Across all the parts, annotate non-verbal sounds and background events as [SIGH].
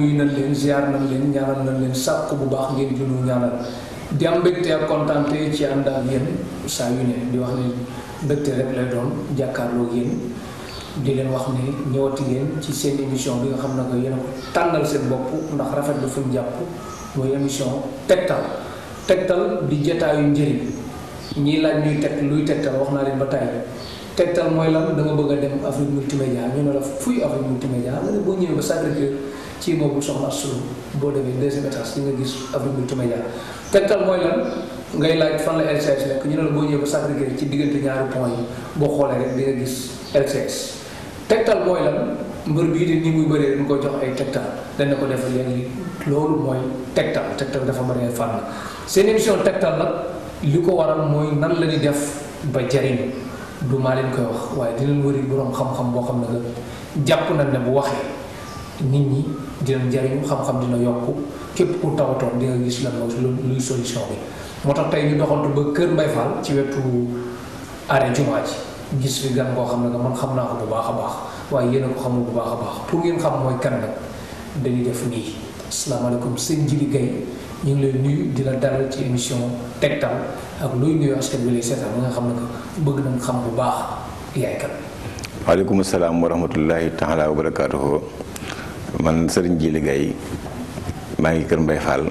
nuyu nañ leen ziar nañ leen ñaanal nañ leen sàkk bu baax ngeen junu ñaanal di am mbégte ak contenté ci ànd ak yéen saa yu ne di wax ne mbégte rek lay doon jàkkaarloo yéen di leen wax ne ñëwati ngeen ci seen émission bi nga xam ne ko yéen tànnal seen bopp ndax rafet lu fi ñu jàpp mooy émission tegtal tegtal di jotaayu njëriñ ñii laaj ñuy teg luy tegtal wax naa leen ba tàyyi tegtal mooy lan da nga bëgg a dem afrique multimédia ñu ne la fuy afrique multimédia nga ne boo ñëwee ba sacré cœur ci bobu soxna sunu bo demee deuxième étage ci nga gis avenue buntu média tegtal moy lan ngay laaj fan la LCS nek ñu ne bo ñew ñëwee ba sacré ci digënté ñaari point bo xolé rek di nga gis LCS tegtal moy lan mbeur bi di ni muy bëré dañ ko jox ay tegtal dañ na ko defal li lolu moy tegtal tegtal dafa mëne fan seen émission tegtal nak liko waral moy nan la di def ba jariñ du maa leen koy wax waaye dinañ wëri borom xam-xam bo xam ne japp nañ ne bu waxe nit ñi dinañ jariñu xam-xam dina yokku képp ku tawatoon di nga gis lan mooy luy solution bi moo tax tey ñu doxantu ba kër mbay fall ci wetu arrêt jumaa ji gis fi gan koo xam ne man xam naa ko bu baax a baax waaye yéen a ko xamul bu baax a baax pour ngeen xam mooy kan nag dañuy def nii asalaamaaleykum Jili Gaye ñu ngi lay nuyu di la dalal ci émission tegtal ak luy nuyu askan bi lay seetaan nga xam ne bëgg nañ xam bu baax yaay kan. waaleykum salaam wa rahmatullahi taala wa man sëriñ Jili Gaye maa ngi kër Mbay Fall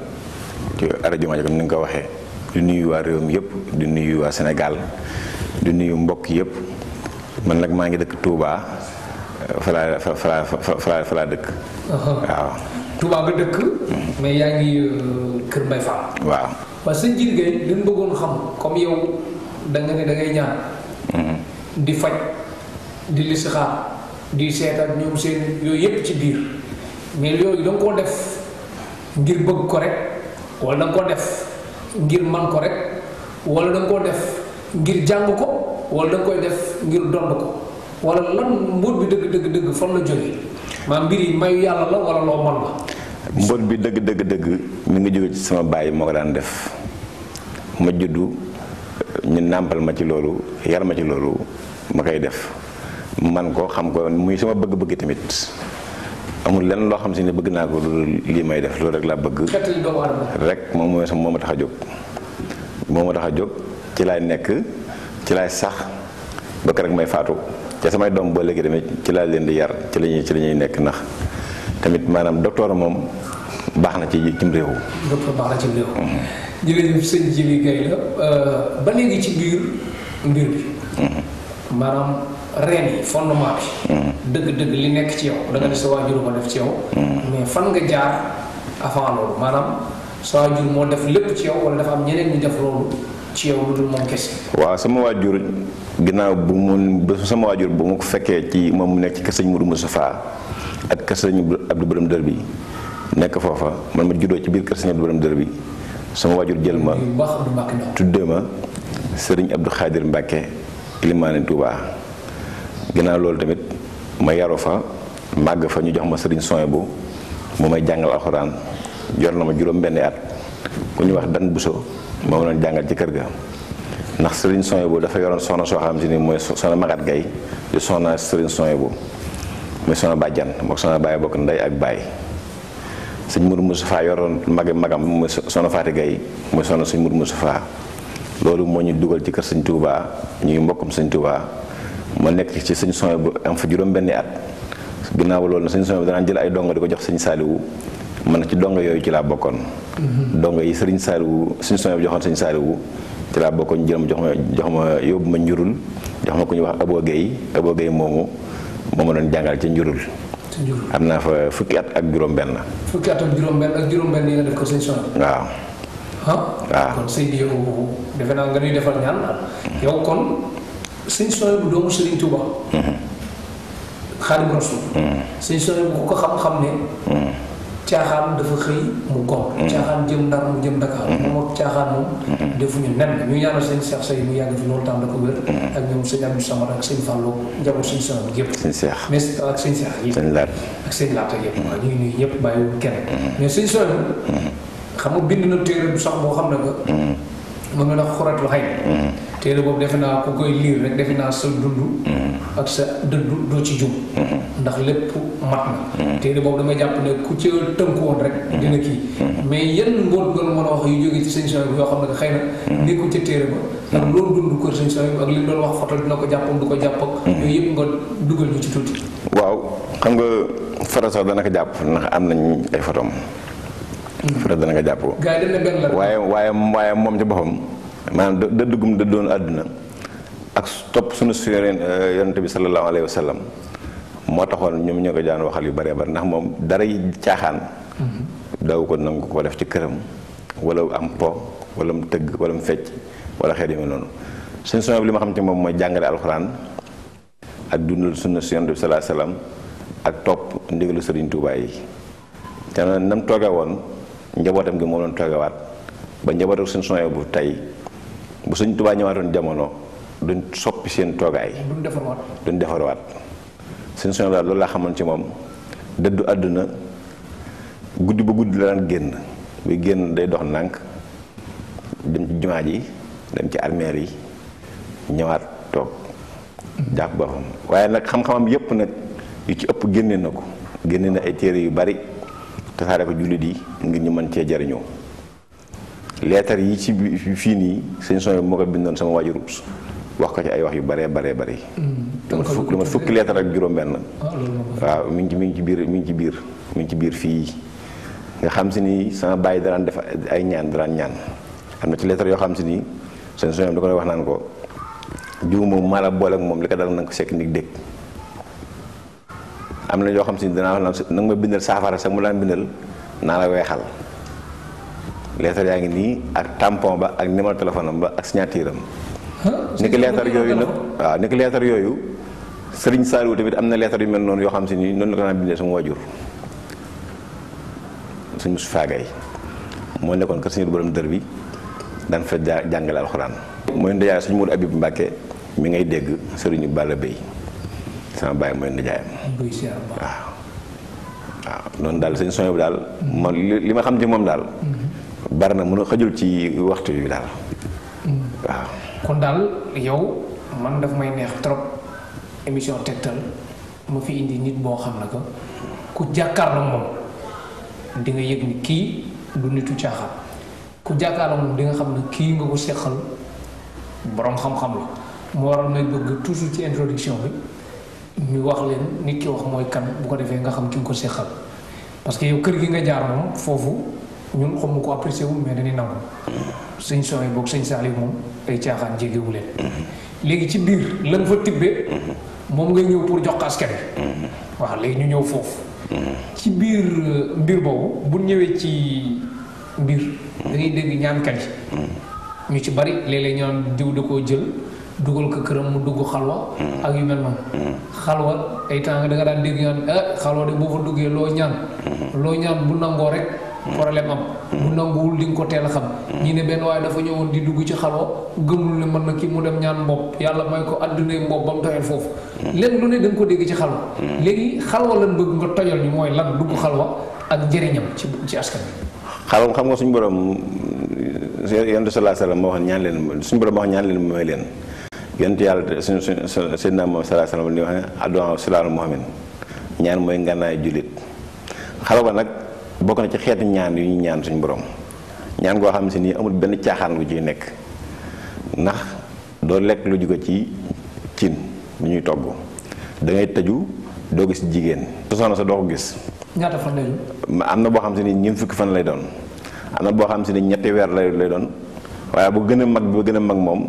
ci rajo Maja comme ni nga ko waxee di nuyu waa réew mi yëpp di nuyu waa Sénégal di nuyu mbokk yëpp man nag maa ngi dëkk Touba fa laa fa fa fa laa dëkk. Uh-huh. waaw. Touba nga dëkk. Mm-hmm. mais yaa ngi uh, kër Mbay Fall. waaw waaw sëñ Jili Gaye li ñu bëggoon xam comme yow da nga ne da ngay ñaan. Mm-hmm. di faj di listixaar di seetaat ñoom seen yooyu yëpp ci biir. mais yooyu da nga def ngir bëgg ko rek wala dang ko def ngir man ko rek wala dang ko def ngir jang ko wala dang koy def ngir dond ko wala lan mbot bi deug deug deug fan la joge ma mbiri mayu la wala lo man la mbot bi deug deug deug mi ngi joge ci sama baye mo def ma juddu ñu nampal ma ci lolu yar ma ci lolu ma kay def man ko xam ko muy sama bëgg-bëgg tamit amul lenn loo xam si ne bëgg naa ko loolu lii may def loolu rek laa bëgg. rek moom mooy sama moo ma tax a jóg. moo ma tax a jóg ci laay nekk ci laay sax ba rek may faatu te samay doom ba léegi tamit ci laay leen di yar ci la ci la ñuy nekk nax tamit maanaam docteur moom baax na ci cim réew. docteur baax na ci réew. Mhm. Euh, mbir bi. Mhm. reen yi fondement bi. Hmm. dëgg-dëgg li nekk ci yow. da nga ne sa waajur moo def ci yow. Hmm. mais fan nga jaar avant loolu maanaam sa waajur moo def lépp ci yow wala dafa am ñeneen ñu def loolu ci yow lu dul moom kese. waaw sama waajur ginnaaw bu mu sama waajur bu ma ko fekkee ci moom mu nekk ci kër sëñ Mourou Moustapha ak kër sëñ Abdou Borom Dër bi nekk foofa man ma juddoo ci biir kër sëñ Abdou Borom Dër bi sama waajur jël ma. tuddee ma Serigne Abdou Khadir Mbacke ginnaaw lol tamit ma yaro fa mag fa ñu jox ma serigne soye bu mu may jangal alcorane jor na ma juroom benn at ku ñu wax dan buso ma wonon jangal ci kër ga ndax serigne soye bu dafa yoron sona so xam si ni magat gay di sona serigne soye bu moy sona bajjan mo sona baye bok nday ak baye serigne Mourou Moustapha yoron magi magam moy sona Faati Gay moy sona serigne Mourou Moustapha lolou moo ñu dugal ci kër serigne Touba ñuy mbokum serigne Touba moo nekk ci sëñ Soy bu am fa juróom-benni at ginnaaw loolu na sëñ Soy bu danaa jël ay dongo di ko jox sëñ Saaliwu man ci dongo yooyu ci laa bokkoon mhm. dongo yi sëriñ Saaliwu sëñ Soy bu joxoon sëñ Saaliwu ci laa bokkoon jël ma jox ma jox ma yóbbu ma njurul jox ma ku ñuy wax Abo Gueye Abo Gueye moomu ma doon jàngal ci njurul am naa fa fukki ak juróom-benn fukki at ak juróom-benn ak juróom-benn yi nga def ko sëñ Soy waaw ah sëñ sooy bu doomu Serigne Touba. Mm-hmm. Xaadimu Rasuul. Mm-hmm. sëñ sooy bu ko xam-xam ne. Mm-hmm. caaxaan dafa xëy mu góor. caaxaan jëm ndar mu jëm Dakar. ko wér. ak ñoom sëñ Abdou Samad ak sëñ Fallou njaboot sëñ Samad bi yëpp. sëñ Cheikh mais ak sëñ Cheikh yi. sëñ Laat ak sëñ Laat ak yëpp. waaw ñu ngi xam nga bind na téere bu sax boo xam ne que. moom la xuratul xay. téere boobu defe naa ku koy liir rek defe naa sa dund. ak sa dëddu doo ci jub. ndax lépp mat na. téere boobu damay jàpp ne ku ci tënku woon rek. dina kii mais yan mboot gën mën a wax yu ci seen sooy yoo xam ne xëy na nekkul ca téere ba. ak loolu dund li doon wax fotal dina ko jàpp du ko jàpp ak. yooyu nga dugal ñu ci tuuti. waaw xam nga Fara sax dana ko jàpp ndax am nañ ay hmm. fotom. Fara dana ko jàpp. gars yi dañ ne benn la waaye waaye waaye moom ci boppam. dugum dëddugum dëddoon aduna ak top sunu su eh, yonente bi sallallahu alaihi wasallam mo taxon taxoon ñoom ko jaan waxal yu bare bare ndax mom dara yi caaxaan mm-hmm. daw ko nang ko def ci kërëm wala am po wala mu tëgg wala mu fecc wala xeet yu non sunu sunu li ma xam ci moom mooy jàngale alxuraan ak dundul sunu si yonente bi sallallahu alaihi wasallam ak top ndigalu serigne touba yi tan nam toogee won njabotam gi don doon wat ba njabootam sunu sunu bu tay bu sëñ Tuubaa ñëwaatoon jamono duñ soppi seen toogaay. duñ defarwaat duñ defarwaat. sëñ daal loolu laa xamoon ci moom dëddu àdduna guddi ba guddi la daan génn buy génn day dox ndànk dem ci jumaa yi dem ci armeer yi ñëwaat toog jàpp boppam waaye nag xam-xamam yépp nag yu ci ëpp génne na ko génne na ay téere yu bari tasaare ko jullit yi ngir ñu mën cee jariñoo leetar yi ci fi ni seigne son moko bindon sama wajur wax ko ci ay wax yu bare bare bare mm. dama fuk fukk lu ma ak juróom ben wa mi ngi mi ngi ci mi ngi ci mi ngi ci biir nga xam ci ni sama baye daan def ay ñaan daan ñaan amna ci leetar yo xam ci ni seigne son da ko wax nan ko jiw mo mala la ak mom li ka dal na ko sekk ndig dégg am na xam ci dina wax naan na ma bindal safara sax mu daan bindal naa la leetar yaa ini ak tampon ba ak numéro téléphone ba ak signature am ni ki leetar yooyu nag waaw ni ki leetar yooyu tamit amna na yu mel non yo xam si ni noonu la bindé sama wajur serigne Moustapha Gaye moo nekkoon ke serigne borom dër bi daan fa jangal alcorane moy ndajaay serigne Mourou Abib Mbacke mi ngay dégg serigne Balla Bey sama baye ah. moy ah, ndajaayam non dal noonu daal dal soño man li xam ci mom dal bari na mën a xajul ci waxtu yu daal hmm. waaw. kon daal yow man dafa may neex trop émission tegtal ma fi indi nit boo xam ne que ku jàkkaarloo moom di nga yëg ni kii du nitu caaxaan ku jàkkaarloo moom di nga xam ne kii nga ko seqal boroom xam-xam la. moo waral may bëgg toujours ci introduction bi ñu wax leen nit ki wax mooy kan bu ko defee nga xam ki nga ko seqal parce que yow kër gi nga jaar moom foofu. ñun xamu ko apprécié wu um, mais dañuy nangu sëñ e bok boog salih e kan mom tay ay caaxaan wu len légui ci bir lañ fa tibbee mom ngay ñew pour jox casquette waaw léegi ñu ñew fofu ci bir mbir bobu bu ñewé ci bir dañuy ngay dégg ñaankat yi ñu ci bari lélé ñaan diw da koo jël dugul ke kërëm mu dugg xalwa ak yu mel noonu xalwa ay e temps da nga daan dégg ñaan ah eh, xalwa de bu fa duggé lo ñaan lo ñaan bu nango rek problème am mu nangul ding ko tel xam hmm. ñi ne ben way dafa ñewon di dugg ci xalo gëmul ne man na ki mu dem ñaan mbop yalla may ko aduna mbop bam mu fofu foofu hmm. lenn lu ne dang ko deg ci xalo hmm. legi xalwa lan bëgg nga tojal ñu moy lan dugg xalwa ak jëriñam ci ci askan xalo xam nga suñu borom yeen yonte sallallahu alayhi wasallam mo ñaan leen suñu borom mo ñaan leen moy leen yonte yalla suñu seydina sallallahu alayhi wasallam li wax adu sallallahu silaalu muhammad ñaan mooy ngànnaay julit xalwa nak bokk na ci xeeti ñaan yu ñaan suñu borom ñaan go xam ci ni amul ben caaxaan lu ciy nek nax do lek lu jóge ci tin lu ñuy togg da ngay tëju do gis jigéen sosoxna sa do ko gis ñata fan lay doon am xam ci ni ñim fukk fan lay doon amna bo xam ci ni ñetti wer lay lay doon waaye bu gëna mag bu gëna mag mom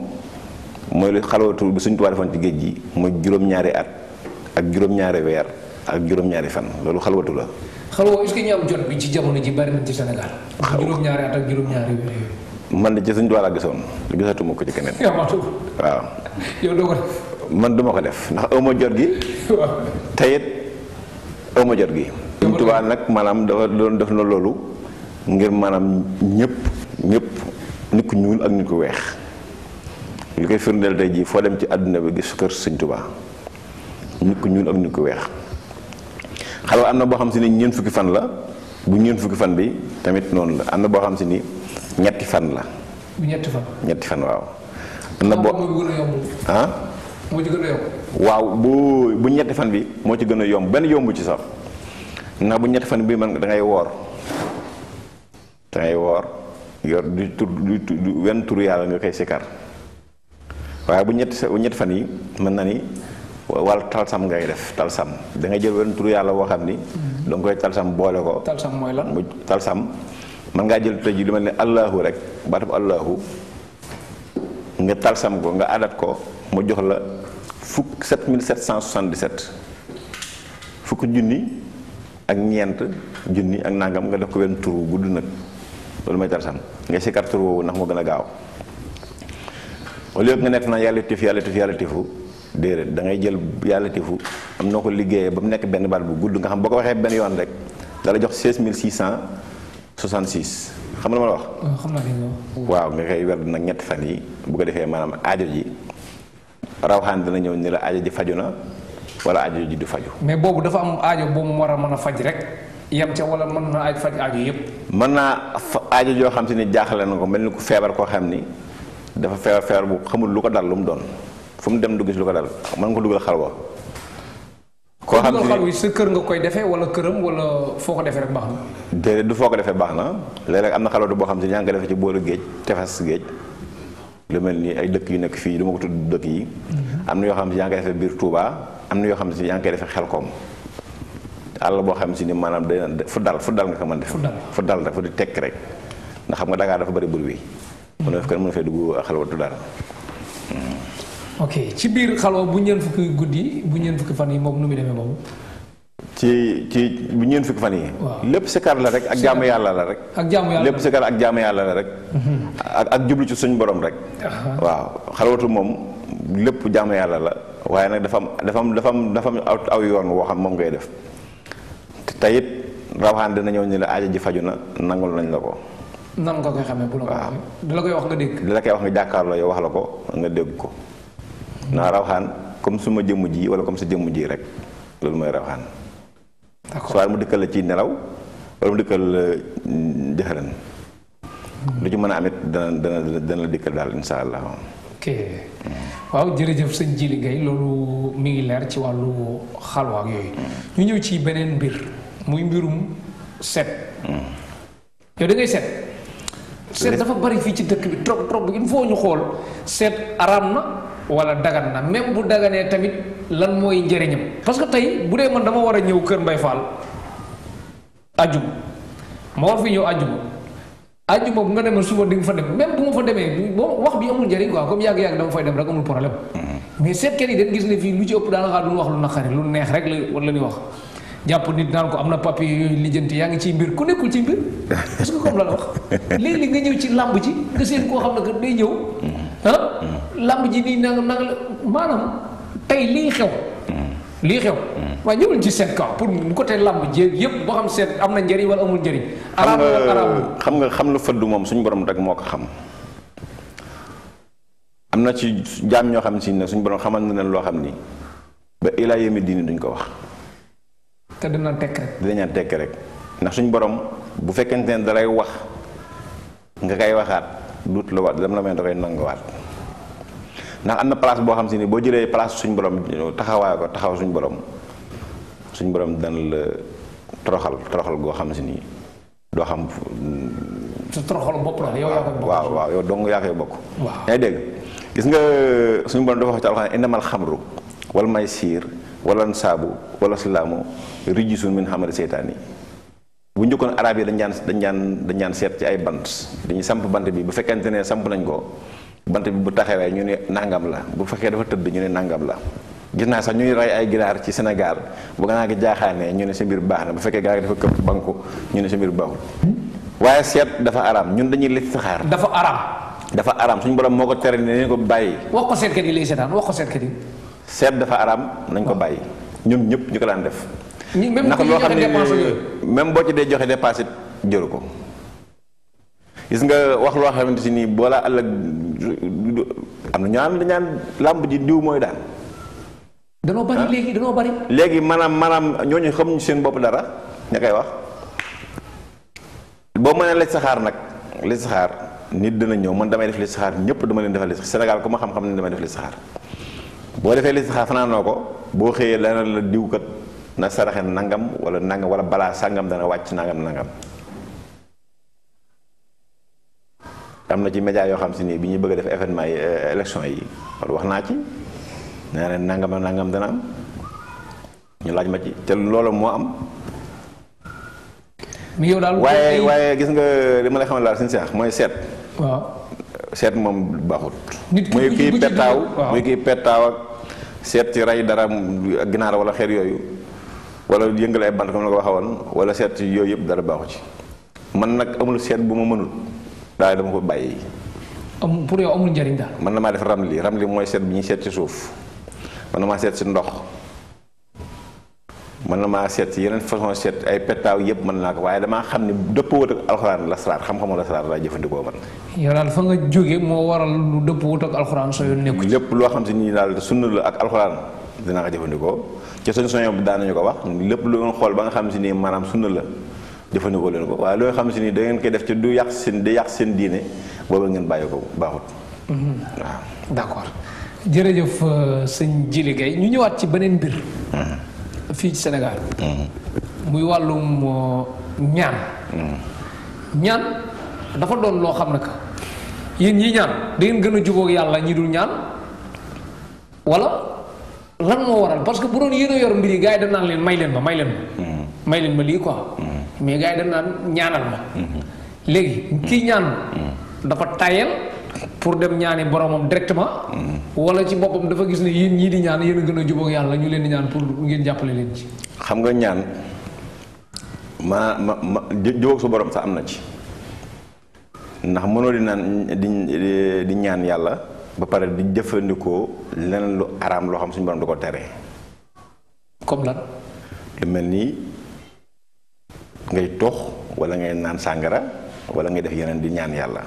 moy lu xalawatu bu suñ tuwaa defoon ci geejgi moy juroom ñaari at ak juroom ñaari wer ak juroom ñaari fan lolu xalawatu la xam nga est-ce que jot bi ci jamono ji bari na ci Sénégal. man de ci suñu doole a gisoon gisatuma ko ci keneen. yaa [LAUGHS] waaw. man duma ko def ndax aw ma jot gi. waaw te gi. suñ nag maanaam dafa doon def na loolu ngir maanaam ñépp ñépp nit ku ñuul ak nit ku weex li koy firndeel tey jii foo dem ci àdduna bi gis kër Sëñ Tuubaa nit ku ñuul ak nit weex. xalaw amna bo xam ci ni ñeen fukki fan la bu ñeen fukki fan bi tamit non la amna bo xam ci ni ñetti fan la bu ñetti fan ñetti fan waaw amna bo han mo ci gëna a yomb waaw bu bu ñetti fan bi mo ci gëna a yomb benn yomb ci sax na bu ñetti fan bi man da ngay wor da ngay wor yor du tur du wenn tur yàlla nga kay sikar waaye bu ñetti bu ñetti fan yi man na ni wal talsam ngay def talsam da nga jël benn turu yalla wo xamni ni mhm. koy talsam boole ko talsam moy lan talsam man nga jël tëj lu mel ni allahu rek batab allahu nga talsam ko nga adat ko mu jox la fuk 7777 fuk junni ak ñent junni ak nangam nga def ko benn turu gudd nak lolu may talsam nga sikar turu wo nak mo gëna gaaw au lieu nga nek na yalla tif yalla tif yalla tifu déedéet dangay jël yàlla tifu am noo ko liggéeyee ba mu nekk benn baat bu gudd nga xam boo ko waxee benn yoon rek dala jox 16666 xam nga ma la wax. xam naa waaw nga koy werd nag ñetti fan yi bu ko defee maanaam aajo ji rawxaan dana ñëw la aajo ji faju na wala aajo ji du faju. mais boobu dafa am aajo bu mu war a mën a faj rek. yem ca wala mën naa faj aajo yëpp. mën naa fa aajo joo xam si ne jaaxle na ko mel ni ku feebar koo xam ni dafa feebar feebar bu xamul lu ko dal lu mu doon. fu mu dem dugg si lu ko dal mën nga ko dugal xalwa koo xam ne sa kër nga koy defee wala këram wala foo ko defe rek baax na. déedéet du foo ko defee baax na léeg-léeg am na xalwatu boo xam ne ñaa ngi defee ci booru géej tefes géej lu mel ni ay dëkk yu nekk fii du ma ko dëkk yi. Mhm. am na yoo xam ne yaa nga koy defee biir Touba am na yoo xam si yaa ngi koy defee Xelkom àll boo xam si ni maanaam day fu dal fu dal nga ko man def. fu dal rek fu di tekk rek ndax xam nga Dakar dafa bëri bur wi. Mhm. mu ne ko mën na fee dugg xalwatu dara. Mhm. ok cibir kalau bunyan bu ñeen fukki guddi bu ñeen fukki fan yi moom nu muy demee boobu ci ci bu ñeen fukki fan yi lépp sikar la rek ak jaamu yàlla la rek ak jaamu yàlla lépp sikar ak jaamu yàlla la rek mhm. ak ak jublu ci suñ borom rek waaw xalwatu moom lépp jaamu yàlla la waaye nag dafa am dafa am dafa am dafa am aw yoon woo xam moom ngay def tayit rawaxaan dina ñëw ni la aaja ji faju na nangul nañ la ko nan nga koy xamee bu la ko waxee dala koy wax nga dégg dala koy wax nga jàkkaarloo yow wax na rawhan comme suma jëm ji wala comme sa jëm ji rek moy rawhan rawxaan soit mu dëkkal mm, hmm. ci neraw wala mu dëkkal la lu ci mëna amit dana dana dana la dëkkal dal inshallah ok waaw jërëjëf sëñ Jili hmm. ngay loolu mi ngi leer ci walu xalwa ak yoy ñu ñëw ci benen bir muy mbirum set hmm. yow da ngay set set dafa bari fi ci dëkk bi trop trop il faut ñu xool set wala dagan na même bu dagané ya tamit lan moy njëriñam parce que tay bu dee man dama wara a ñëw kër mbay fall aju mo fi ñëw aju aju bu nga demee suba ding fa dem même bu ma fa démé bo wax bi amul njëriñ quoi comme yag yag dama fay dem rek amul problème mm-hmm. mais cette yi dañ gis né fi lu ci ëpp daal nga du wax lu naqari lu neex rek la ni wax japp nit naan ko amna papi papier yaangi ci mbir ku nekkul ci mbir parce [LAUGHS] que comme la wax wax li nga ñëw ci lamb ci nga seen ko xamna ko day ñëw mm-hmm lamb ji ni nang nang manam tay li xew li xew wa ñu ci seen kaw pour mu ko tay lamb jéeg yeb bo xam seen am na njëriñ wala amul njëriñ araam araam xam nga xam lu feddu mom suñu borom dag moko xam amna ci jam ño xam ci ne suñu borom xamal na lo xam ni ba ila yemi diini duñ ko wax te dina tek rek dina tek rek ndax suñu borom bu fekkente ne dalay wax nga kay waxat duut la wat lam la may dagay nang wat ndax amna place bo xam si ni boo place suñ borom taxaway ko taxaw suñ borom suñ borom dan la toroxal toroxal go xam si ni xam su toroxal bop la yow ya ko bokk waaw waaw yow dong yaa koy bokk yaa dégg gis nga suñu borom do wax ci alquran innamal khamru wal maisir wal ansabu wal aslaamu rijisun min hamri shaytani bu njëkkoon arab yi dañ ñaan dañ ñaan dañ ñaan seet ci ay bant dañuy samp bant bi bu fekkente ne samp nañ ko bant bi bu taxawee ñu ne nangam la bu fekkee dafa tëdd ñu ne nangam la gis naa sax ñuy rey ay ginaar ci Sénégal bu ganaa gi jaaxaanee ñu ne sa mbir baax na bu fekkee ganaar dafa këpp banku ñu ne sa mbir baaxul waaye seet dafa aram ñun dañuy listixaar dafa aram dafa aram suñu borom moo ko tere ne ko bàyyi wax ko seetkat yi lay seetaan wax ko seetkat yi seet dafa aram nañ ko bàyyi ñun ñëpp ñu ko daan def ndax loo xam ne même boo ci dee joxe dépense it jëru ko gis nga wax loo xamante si nii boolaa àll am na ñaan dañaan làmb ji diw mooy daan danoo bari ah. léegi danoo bari léegi maanaam maanaam ñooñu xamuñu seen bopp dara ña koy wax boo mënee laj saxaar nag laj saxaar nit dina ñëw man damay def li saxaar ñëpp dama leen defal li Sénégal ku ma xam ne damay def li saxaar boo defee li saxaar fanaanoo ko boo xëyee dana la diw kat na saraxe nangam wala nangam wala balaa sàngam dana wàcc nangam nangam am na ci média yoo xam si ni bi ñuy bëgg a def événement yi euh, élection yi loolu wax naa ci nee na nangam a nangam dana am ñu laaj ma ci te loolu moo am. yow daal waaye waaye gis nga li ma lay xamal si suñu seex mooy seet. seet moom baaxut. nit muy kiy pettaaw muy kiy pettaaw ak seet ci rey dara ginaar wala xeer yooyu. wala yëngal ay bant comme la ko waxee woon wala seet yooyu yëpp dara baaxu ci man nag amul seet bu ma mënul daal dama ko bàyyi. amul pour yow amul njëriñ daal. man na maa def ramli ramli mooy seet bi ñuy seet ci suuf man na seet ci ndox man na maa seet yeneen façon seet ay pettaaw yëpp mën naa ko waaye damaa xam ne dëppwut ak alxuraan la saraat xam-xamu la saraat laa jëfandikoo man. yow daal fa nga jóge moo waral lu dëppwut ak alxuraan soo yoon nekku lépp loo xam si nii daal sunna la ak alxuraan dinaa ko jëfandikoo. ci suñu soñu bi daan ñu ko wax lepp lu ñu xol ba nga xam ci ni manam sunna la jëfandikoo leen ko wa lo xam ci ni da ngeen koy def ci du yaq sin di yàq seen diine ba ngeen bayiko ko baaxut mhm. waaw d' accord Jili euh, gay ñu ñëwaat ci benen bir mhm. fi ci Sénégal mhm. muy walum euh, ñaan ñaan dafa doon lo xam nak yeen ñi ñaan da ngeen gëna a ak yalla ñi dul ñaan wala lan mo waral parce que bu done yéen a yor mbiri yi gars yi dem naan leen may len ma may len ma. Hmm. may len ma li quoi. Hmm. mais gars dem ñaanal ma. Hmm. legui ki ñaan. dafa tayel pour dem ñaané boromam directement. wala ci boppam dafa gis ni yeen ñi di ñaan yeen gëna jubo ak yalla ñu leen di ñaan pour ngeen jappalé leen ci. xam nga ñaan ma ma ma jubóog sa borom ci ndax mëno di nan di ñaan yalla ba paré di jëfëndiko lén lu aram lo xam suñu borom duko téré tere. comme lan. lu melni ngay tox wala ngay nan sangara wala ngay def yenen di ñaan yalla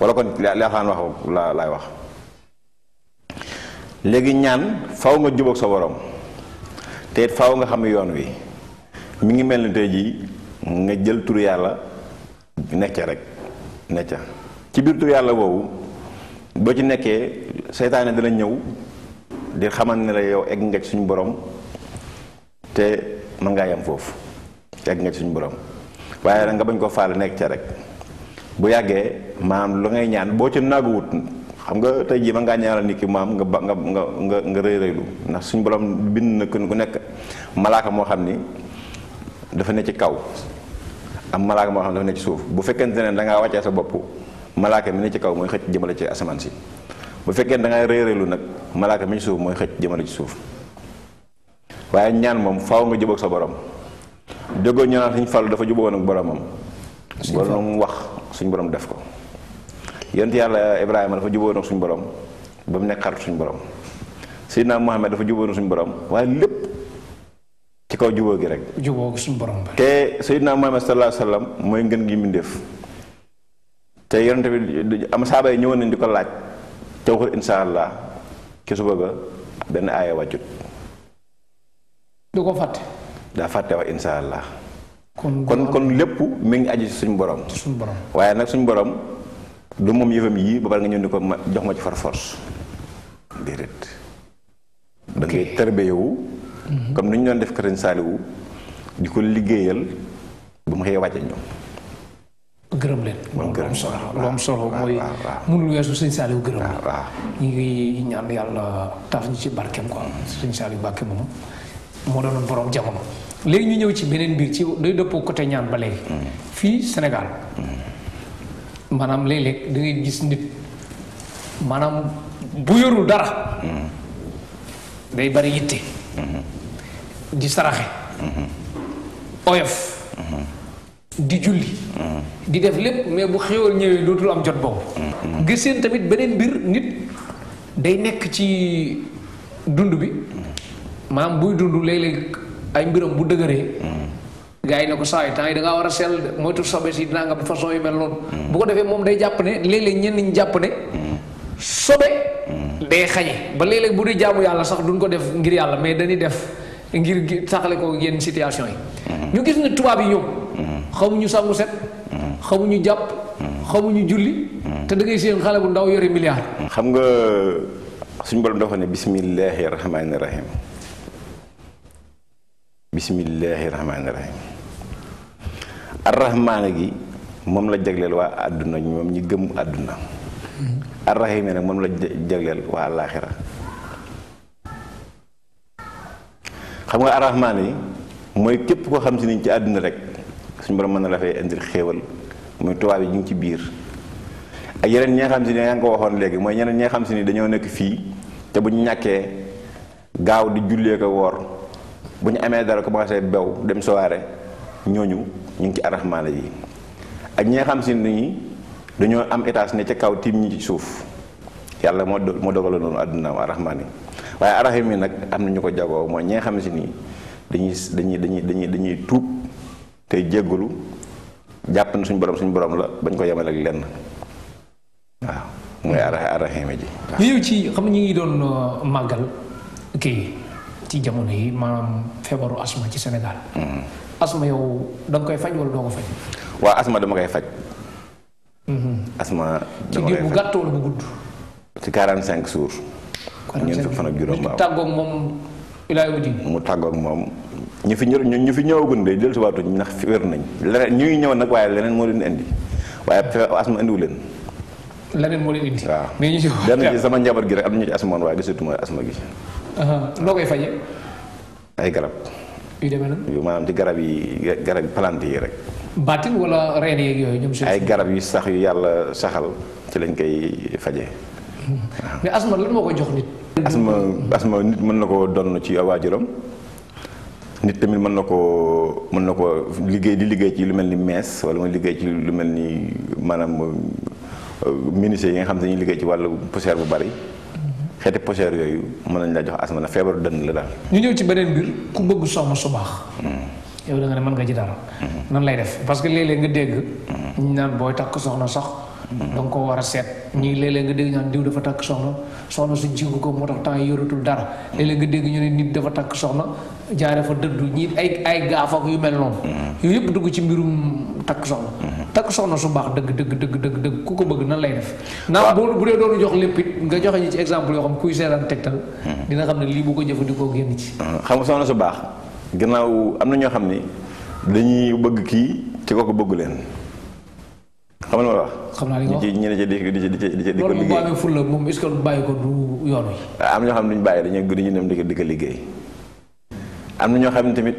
wala kon li xaan wax la lay wax légui ñaan faaw nga jubok sa borom té faaw nga xam yoon wi mi ngi melni tay ji nga jël tur yalla necca rek necca ci bir tur yalla wowo boo ci nekkee seytaanee dana ñëw di xamal ne la yow egg nga suñu borom te mën ngaa yem foofu egg nga suñu borom waaye nag nga bañ koo faale nekk ca rek bu yàggee maanaam lu ngay ñaan boo ci naaguwut xam nga tey jii ma ngaa ñaanal nit ki maam nga ba nga nga nga rëy rëylu ndax suñu borom bind na kenn ku nekk malaaka moo xam ni dafa ne ci kaw am malaaka moo xam ne dafa ne ci suuf bu fekkente ne da ngaa wàccee sa bopp. malaka mi ne ci kaw moy xej jëmale ci asaman ci bu fekke da ngay reere lu nak malaka mi ci suuf moy xej jëmale ci suuf waye ñaan mom faaw nga jëbok sa borom dego ñu suñu suñ dafa dafa jubóogoon ak boromam borom wax suñu borom def ko yent yalla ibrahim dafa jubóogoon ak suñu borom bam ne xar suñu borom sidina muhammad dafa jubóogoon suñu borom waye lepp ci kaw jubóo gi rek jubóo suñu borom te sidina muhammad sallallahu alaihi wasallam moy ngeen gi mindeef te yonent tamit am saaba yi ñëwoon nañ di ko laaj ca waxul insha allah ki suba ga benn aaya wàccut du ko fàtte daa fàtte wax insha allah kon kon lépp mi ngi aju ci suñu borom suñu borom waaye nag suñu borom du moom yëfam yii ba pare nga ñëw ni ko ma jox ma ci far force déedéet da ngay tërbeewu mhm. comme ni ñu doon def këriñ saaliwu di ko liggéeyal ba mu xëyee wàcce ñoom gërëm leen. moom gërëm solo am solo mooy. mënul weesu sëñ Saliou gërëm. waaw ñu ngi ñaan yàlla taaf ñu ci barkeem quoi. sëñ Saliou Mbacke moom moo doon borom jamono. léegi ñu ñëw ci beneen biir ci day dëppoo côté ñaan ba léegi. fii Sénégal. maanaam léeg-léeg da ngay gis nit maanaam bu yorul dara. Hmm. day bari yitte. di hmm. saraxe. Hmm. oyof. di julli. Mm-hmm. di def lépp mais bu xéwal ñëwee dootul am jot boobu. Mm-hmm. gis seen tamit beneen mbir nit day nekk ci dund bi maam mm-hmm. buy dund léeg-léeg ay mbiram bu dëgëree. gaa yi ne ko saa yi temps yi da war a sell moytu sobe si dinaa nga façon yu mel noonu. bu ko defee moom day jàpp ne léeg-léeg ñenn ñu jàpp ne. sobe. day xañe ba léeg-léeg bu dee jaamu yàlla sax duñ ko def ngir yàlla mais dañuy def ngir saxale ko yenn situation yi. ñu gis ne tubaab yi xamuñu sangu set xamuñu jàpp xamuñu julli te da ngay seen xalé bu ndaw yori milliard xam nga suñu borom dafa ne bismillahir rahmanir rahim bismillahir rahmanir rahim rahman gi mom la jagleel wa aduna ñoom ñi gëm Ar rahim nak mom la jagleel wa alakhirah xam nga rahman yi moy kep ko xam ci ni ci aduna rek suñu borom mëna la fay indil xéewal muy tubaab bi ñu ci biir ak yeneen ñi nga xam si ne yaa ngi ko waxoon léegi mooy ñeneen ñi nga xam si ni dañoo nekk fii te bu ñu ñàkkee gaaw di jullee ko woor bu ñu amee dara commencé bew dem soirée ñooñu ñu ngi ci araxmaana yi ak ñi nga xam si ni dañoo am étage ne ca kaw tiim ñi ci suuf yàlla moo moo dogaloon noonu àdduna am araxmaan yi waaye araxim yi nag am na ñu ko jagoo mooy ñi nga xam si ni dañuy dañuy dañuy dañuy dañuy tuub tey djeglu japp na suñu borom suñu borom la bañ ko yamal ak lenn waaw moy ara ara heme ji yow ci xam nga ñi doon euh, magal ki ci jamono yi manam febaru asma ci senegal mm-hmm. asma yow dang koy fajj wala doo ko faj waaw asma dama koy faj mm-hmm. asma ci diir bu gatto wala bu gudd ci 45 jours ñu fukk fan juroom juróom tagok mom moom ilaay mu tagok mom ñu fi ñëw ñu fi ñëwagun de dellu si ñu ndax fi wér nañ leneen ñuy ñëw nag waaye leneen moo leen indi waaye asma indiwu leen. leneen moo leen indi. waaw mais ñu sama njaboot gi rek am na ñu ci asmoon waaye gisatuma asma gi. loo koy fajee. ay garab. yu demee nag yu garab yi garab yi plante rek. baatin wala reen yeeg yooyu ay garab yu sax yu yàlla saxal ci lañ koy faje [LAUGHS] mais asma lan moo koy jox nit. asma asma nit mën na ko donn ci waajuram nit tamit mën na koo mën na koo liggéey di liggéey ci lu mel ni mees wala muy liggéey ci lu mel ni maanaam euh, ministère yi nga xam ne dañuy liggéey ci wàllu poussière bu bari xeeti poussière yooyu mën nañ laa jox asma na feebaru dënn la daal. ñu ñëw ci beneen mbir ku bëgg soxna su baax. Hmm. yow da nga ne mën nga ci dara. Hmm. nan lay def parce que léeg nga dégg. Hmm. ñu naan booy takk soxna sax. da ko war a seet ñii léeg-léeg nga dégg ñaan diw dafa takk soxna soxna su jiwu ko moo tax temps yi dara léeg-léeg nga dégg ñu ne nit dafa takk soxna jaare fa dëddu ñii ay ay gaaf yu mel noonu mm-hmm. yooyu yëpp dugg ci mbirum takk soxna mm-hmm. takk soxna su baax dëgg dëgg dëgg dëgg dëgg ku ko bëgg nan lay def naa boo bu dee doonu jox lépp nga joxe ñi ci exemple yoo xam kuy seetaan tegtal mm-hmm. dina xam ne lii bu ko jëfandikoo génn ci xam nga soxna su baax gannaaw am na ñoo xam ne dañuy bëgg kii ci ko ko bëgg leen xam nga wax xam naa li nga wax ñi ne ci di di di di di ko liggéey loolu bu fulla moom est ce que bàyyi ko du yoon wi am ñoo xam duñ bàyyi dañuy dañuy dem di ko liggéey am na ñoo xam ne tamit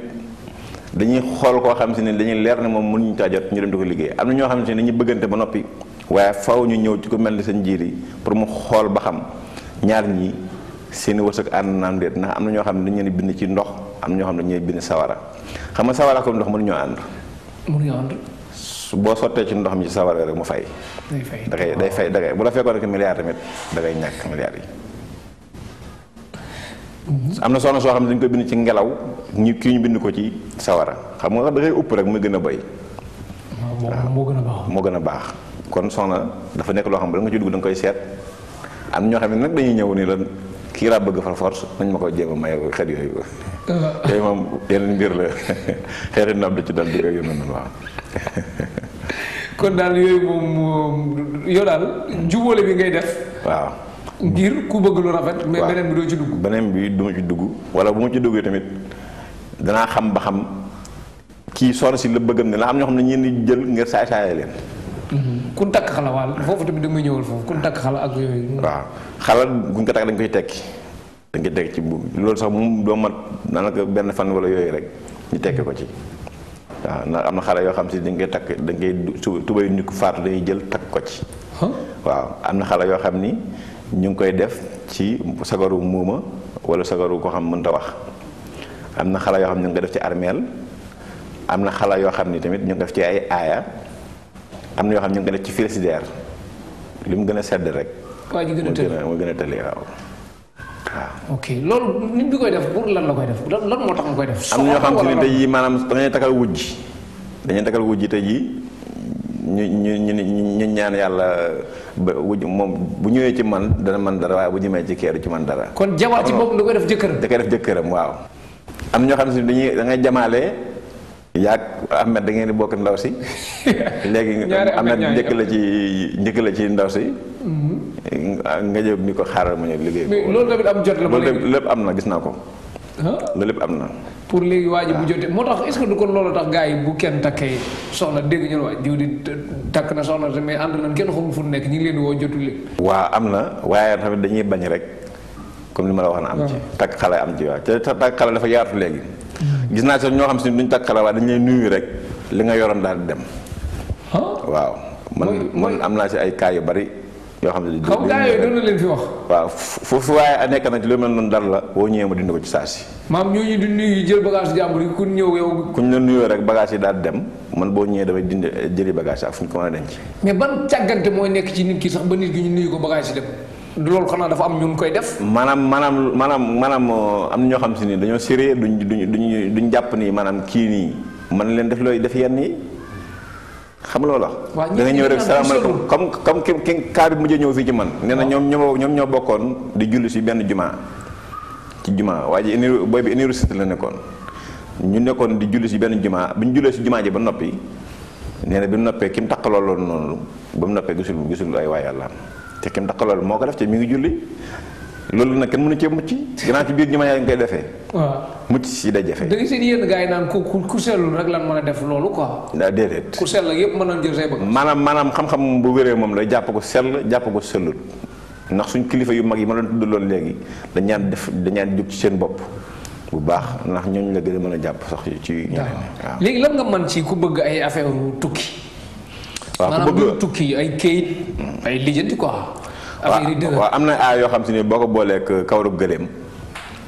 dañuy xool koo xam si ne dañuy leer ne moom mënuñu taa jot ñu dem di ko liggéey am na ñoo xam si ne dañuy bëggante ba noppi waaye faw ñu ñëw ci ku mel ni seen jiir yi pour mu xool ba xam ñaar ñi seen wërsëg ànd naam déet ndax am na ñoo xam ne dañu bind ci ndox am na ñoo xam ne dañu bind sawara xam nga sawara ko ndox mënuñoo ànd mënuñoo ànd su boo sottee ci ndox mi ci sawara rek mu fay. day da ngay day fay da ngay bu la fekkoon rek milliard tamit da ñàkk milliards yi. Mhm. am na soxna soo xam ne dañ koy bind ci ngelaw ñu kii ñu bind ko ci sawara xam nga da ngay upp rek muy gën a béy. moo gën a baax moo gën a baax. kon soxna dafa nekk loo xam ne bala ci dugg da koy seet am ñoo xam ne nag dañuy ñëw ni la kii laa bëgg fa force nañ ma ko jéem a maye xet yooyu. [LAUGHS] yooyu moom yeneen mbir la xeetu naam da ci dal dugg ak yu kon daal yooyu moom yow daal jubóole bi ngay def. waaw ngir ku bëgg lu rafet. mais beneen bi doo ci dugg. beneen bi du ma ci dugg wala bu ma ci duggee tamit danaa xam ba xam kii soxna si la bëggam ne la am ñoo xam ne ñeen jël ngir saay saay leen. Mhm. kun takk xala waal foofu tamit da may ñëwal foofu kun takk xala ak yooyu. waaw xala guñ ko takk dañ koy tekki dañ koy tekki ci loolu sax mu doo mat daanaka benn fan wala yooyu rek ñu tekki ko ci. waaw na am na xale yoo xam si dañ koy takk dañ koy tubay ñu ko faatu dañuy jël takk ko ci waaw am na xale yoo xam ni ñu ngi koy def ci sagaru muuma wala sagaru koo xam mënta wax am na xale yoo xam ne ñu ngi def ci armeel am na xale yoo xam ni tamit ñu def ci ay aaya am na yoo xam ne ñu ngi def ci frigidaire li mu gën a sedd rek. waa gën a tëli moo gën a tëli waaw. Oke, ok loolu nit bi koy def pour lan la koy def lan lan moo tax nga koy def. am na ñoo xam ne tey jii maanaam dañuy takkal wujj dañuy takkal wujj tey jii ñu ñu ñu ñaan yàlla wujj moom bu ñëwee ci man dana man dara bu ñëwee ci keeru ci man dara. kon jabar ci boppam da koy def jëkkëram. da koy def jëkkëram waaw. am ñoo xam ne dañuy da ngay jamaale yaag Ahmed da ngeen di bokk ndaw si. léegi Ahmed njëkk la ci njëkk la ci ndaw si. Mm-hmm. Eh, nga jóg ni ko xaaral ma ñu liggéey. mais loolu tamit am jot la ba léegi lépp am na gis naa ko. loolu lépp am na. pour léegi waa ji bu ah. jotee moo tax est ce que ko loolu tax yi bu kenn takkee soxna dégg jiw di takk na soxna te mais ànd nañ kenn xamul fu nekk ñu ngi leen di woo jotul leen. waaw am na waaye tamit dañuy bañ rek comme li ma la wax na am ci. takk xale am ci waaw te takk xale dafa yaatu léegi. gis naa sax ñoo xam si duñ takk xale waaye dañu lay nuyu rek li nga yoroon daal di dem. waaw man man am naa si ay cas yu bari yoo xam ne xaw gaa yooyu doon na leen fi wax. waaw foofu waaye a nekk nag lu mel noonu dara la boo ñëwee ma dindi ko ci saa si. maam ñooñu di nuyu jël bagage jàmbur yi ku ñëw yow. ku ñu la nuyoo rek bagage yi daal dem man boo ñëwee damay dindi eh, jëli bagage ak fu ñu ko mën a denc. mais ban càggante nekk ci nit ki sax ba nit gi ñu nuyu ko bagage yi dem. du loolu xanaa dafa am ñun koy def. maanaam maanaam maanaam maanaam uh, am ñoo xam si ni dañoo sérieux duñ duñ duñ duñ jàpp ni maanaam kii nii mën leen def looy def yenn yi xam nga loola. waaw ñëw rek salaamaaleykum comme comme ki ki kaa bi mujj ñëw fii ci man. nee na ñoom ñoo ñoom ñoo bokkoon di julli si benn jumaa ci jumaa waa ji éni booy bi université la nekkoon ñu nekkoon di julli si benn jumaa bu ñu jullee si jumaa ji ba noppi nee na bi mu noppee ki mu taqalooloon noonu ba mu noppee gisul gisul ay waay yàlla te ki mu taqalool moo ko def ci mi ngi julli. loolu nag kenn mënu cee mucc gannaaw ci biir ñu ma yaa ngi koy defee. waaw mucc si day jafe. da ngay seet yéen yi naan ku ku ku sellul rek lan mën a def loolu quoi. ku sell yëpp mën nañ jël say maanaam maanaam xam-xam bu wéree moom lay jàpp ko sell jàpp ko sellut ndax suñ kilifa yu mag yi ma doon tudd loolu léegi dañaan ñaan def dañ ñaan ci seen bopp. bu baax ndax ñooñu la gën a mën a jàpp sax ci ñeneen waaw léegi lan nga man si ku bëgg ay affaire tukki. waaw ku bëgg tukki ay kayit ay lijjanti quoi. affaire yi dëgg waaw am na aay yoo xam si ne boo ko booleeg euh, kawarub gëléem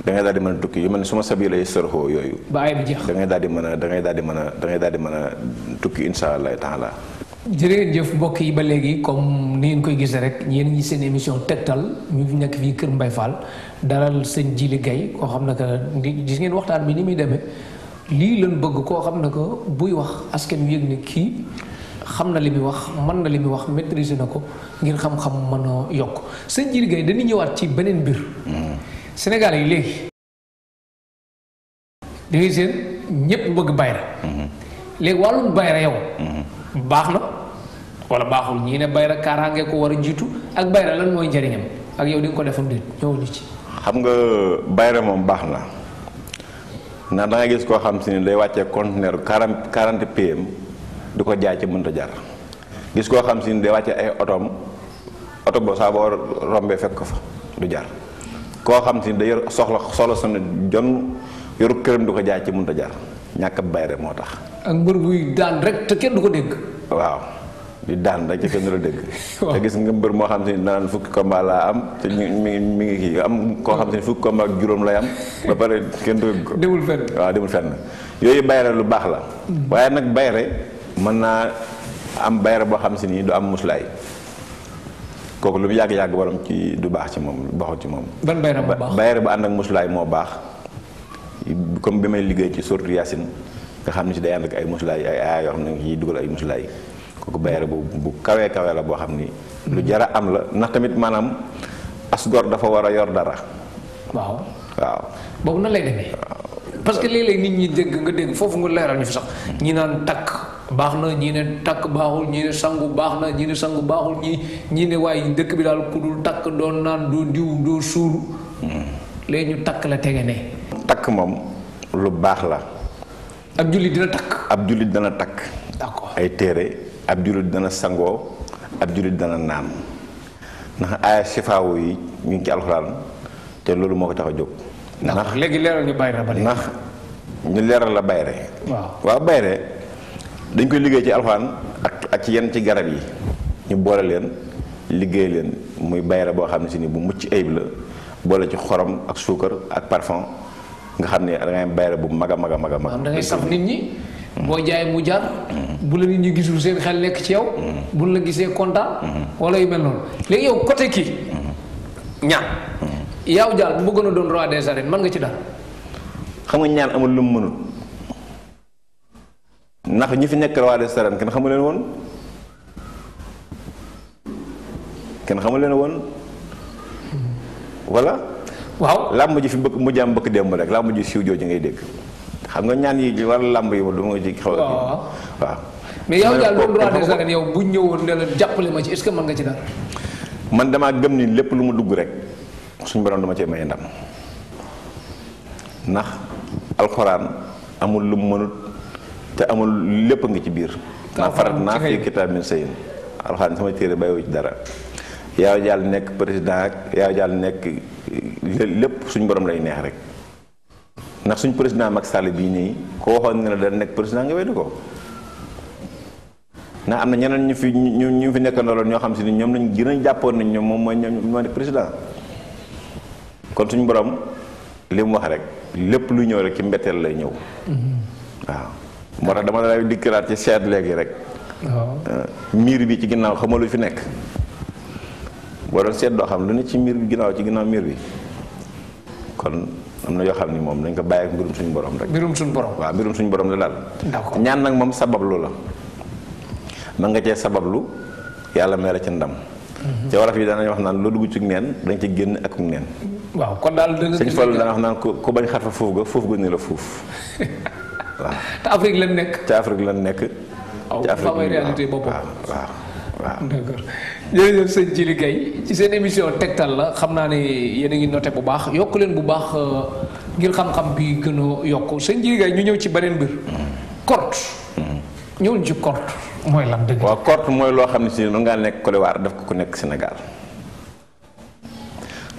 da ngay daal di mën a tukki yu mel ne suma sabi lay sërxoo yooyu. ba aay bi jeex da ngay daal di a da ngay di mën a da ngay daal a tukki incha allah taala. jërë ngeen jëf mbokk yi ba léegi comme ni ngeen koy gisee rek yéen ñi seen émission tegtal ñu nekk fii Kër Mbaye Fall dalal sëñ Djily Gaye koo xam ne que gis ngeen waxtaan bi ni muy demee lii lañ bëgg koo xam ne ko buy wax askan wi yëg ne kii xam na li muy wax mën na li muy wax maîtriser na ko ngir xam-xam mën a yokk sëñ Djily Gaye dañuy ñëwaat ci beneen mbir. Sénégal yi léegi. da seen ñëpp bëgg bayra. léegi wàllum bayra yow. baax na wala baaxul ñii ne bayra kaaraange ko war a jiitu ak bayra lan mooy njëriñam ak yow di nga ko defam déet ñëwal ñu ci. xam nga bayra moom baax na ndax da nga gis koo xam si ne day wàccee conteneur quarante quarante pm. duko jaay ci mënta jar gis ko xam sin de day ay otoom auto bo sa bo rombe fek ko fa du jar ko xam sin de soxla solo sa jonn yoru kërëm duko jaay ci mënta jar ñak bayre motax ak mbër buy daan rek te kenn duko deg waaw di daan rek ci kenn lu deg [LAUGHS] te gis nga mbër mo xam sin naan fukki combat la am te mi ngi mi ngi am ko xam si fukki combat ak juroom la am ba pare kenn dégg [LAUGHS] demul fenn waaw demul fenn yoy bayre lu bax la mm. waye nak bayre mën naa am bayra bo xam si du am muslay koku lu yag yag borom ci du bax ci mom baxu ci mom ban bayra bu bax bayra bu and ak muslay mo bax comme bi may liggéey ci sourate yasin nga xam ne si day and ak ay muslay ay ay yo xam ne ñuy ay muslay koku bayra bu bu kawé kawé la bo xam ni. lu hmm. jara am la ndax tamit manam asgor dafa wara yor dara. waaw waaw. bobu na lay demé parce que léeg nit ñi dégg nga dégg fofu nga léral ñu fi sax hmm. ñi naan tak baax na ñii ne takk baaxul ñi ne sangu baax na ñii ne sangu baaxul ñii ñii ne waaye dëkk bi daal ku takk doo naan doo diw doo suuru léegi ñu takk la tege ne takk moom lu baax la ab jullit dina takk ab jullit dana takk d'accord ay téere ab jullit dana sangoo ab jullit dana naan ndax aaya sifaawu yi ñu ngi ci alxuraan te loolu moo ko tax a jóg ndax léegi leeral ñu bayre ba ndax ñu leeral la bayre waaw bayre dañ koy liggéey ci alxuraan ak ak ci yenn ci garab yi ñu boole leen liggéey leen muy bayra boo xam ne si ni bu mucc ayib la boole ci xorom ak suukar ak parfum nga xam ne da ngay am bayra bu mag a mag a mag a mag. da ngay saf nit ñi. Mm-hmm. boo jaay mu jar. Mm-hmm. bu la nit ñi gisul seen xel nekk ci yow. Mm-hmm. bu la gisee kontaan. wala yu mel noonu léegi yow côté kii. ñaan. yow daal bu bëggoon a doon roi des arènes mën nga ci dara. xam nga ñaan amul lu mu mënul. ndax ñi fi nekkal waa restaurant kenn xamu leen woon ken xamu leen woon wala waaw lamb ji fi bëgg mu jam bëgg dem rek lamb ji siw joju ngay dégg xam nga ñaan yi wala lamb yi duma ci xaw waaw mais yow dal lu droit de arènes yow bu ñëwoon ne la jappalé ma ci est ce que mën nga ci dara man dama gëm ni lepp lu mu dugg rek suñu borom dama cey may ndam ndax alquran amul lu mënut te amul lepp nga ci bir na farat na fi kitab min sayyid alxaan sama tire bayu ci dara yaa jàll nek president ak yaa jàll nek lepp suñu borom lay neex rek nak suñu president mak Sall bi ni ko waxoon ne da nek president nga weddi na amna ñeneen ñu fi ñu ñu fi nekkandoo ñoo xam ci ni ñom lañu gëna jappoon jàppoon nañ ñoom moom mooy president kon suñu borom lim wax rek lepp lu ñëw rek ci mbettel lay ñëw mhm. waaw moo tax dama lay dikkiraat ci seet léegi rek. Euh, miir bi ci ginnaaw xamoo lu fi nekk. boo doon seet doo xam lu ne ci miir bi ginnaaw ci ginnaaw miir bi kon am na yoo xam ni moom dañ ko bàyyi ak mbirum suñu borom rek. mbirum suñu borom waaw mbirum suñu borom la daal. d'accord ñaan nag moom sabablu la. mën nga cee sabablu yàlla may la ca ndam. Mhm. ca wolof yi danañ wax naan loo dugg ci neen dañ ci génn ak neen. waaw kon daal dana. sëñ wax naan ku bañ xar fa fuuf ga fuuf ga ni la fuuf. [LAUGHS] waaw te Afrique lan nekk. te Afrique lan nekk. ci Afrique bi réalité boppam waaw waaw d'accord jërëjëf sëñ Djily ci seen émission tegtal la xam naa ne yéen a ngi noté bu baax yokk leen bu baax euh, ngir xam-xam bi gën yokk sëñ Djily ñu ñëw ci beneen mbir. kort. Mm. Mm. ñëwuñ ci kort. mooy lan dëgg waaw kort mooy loo xam ne si mën ngaa nekk Côte d'Ivoire ko ko nekk Sénégal.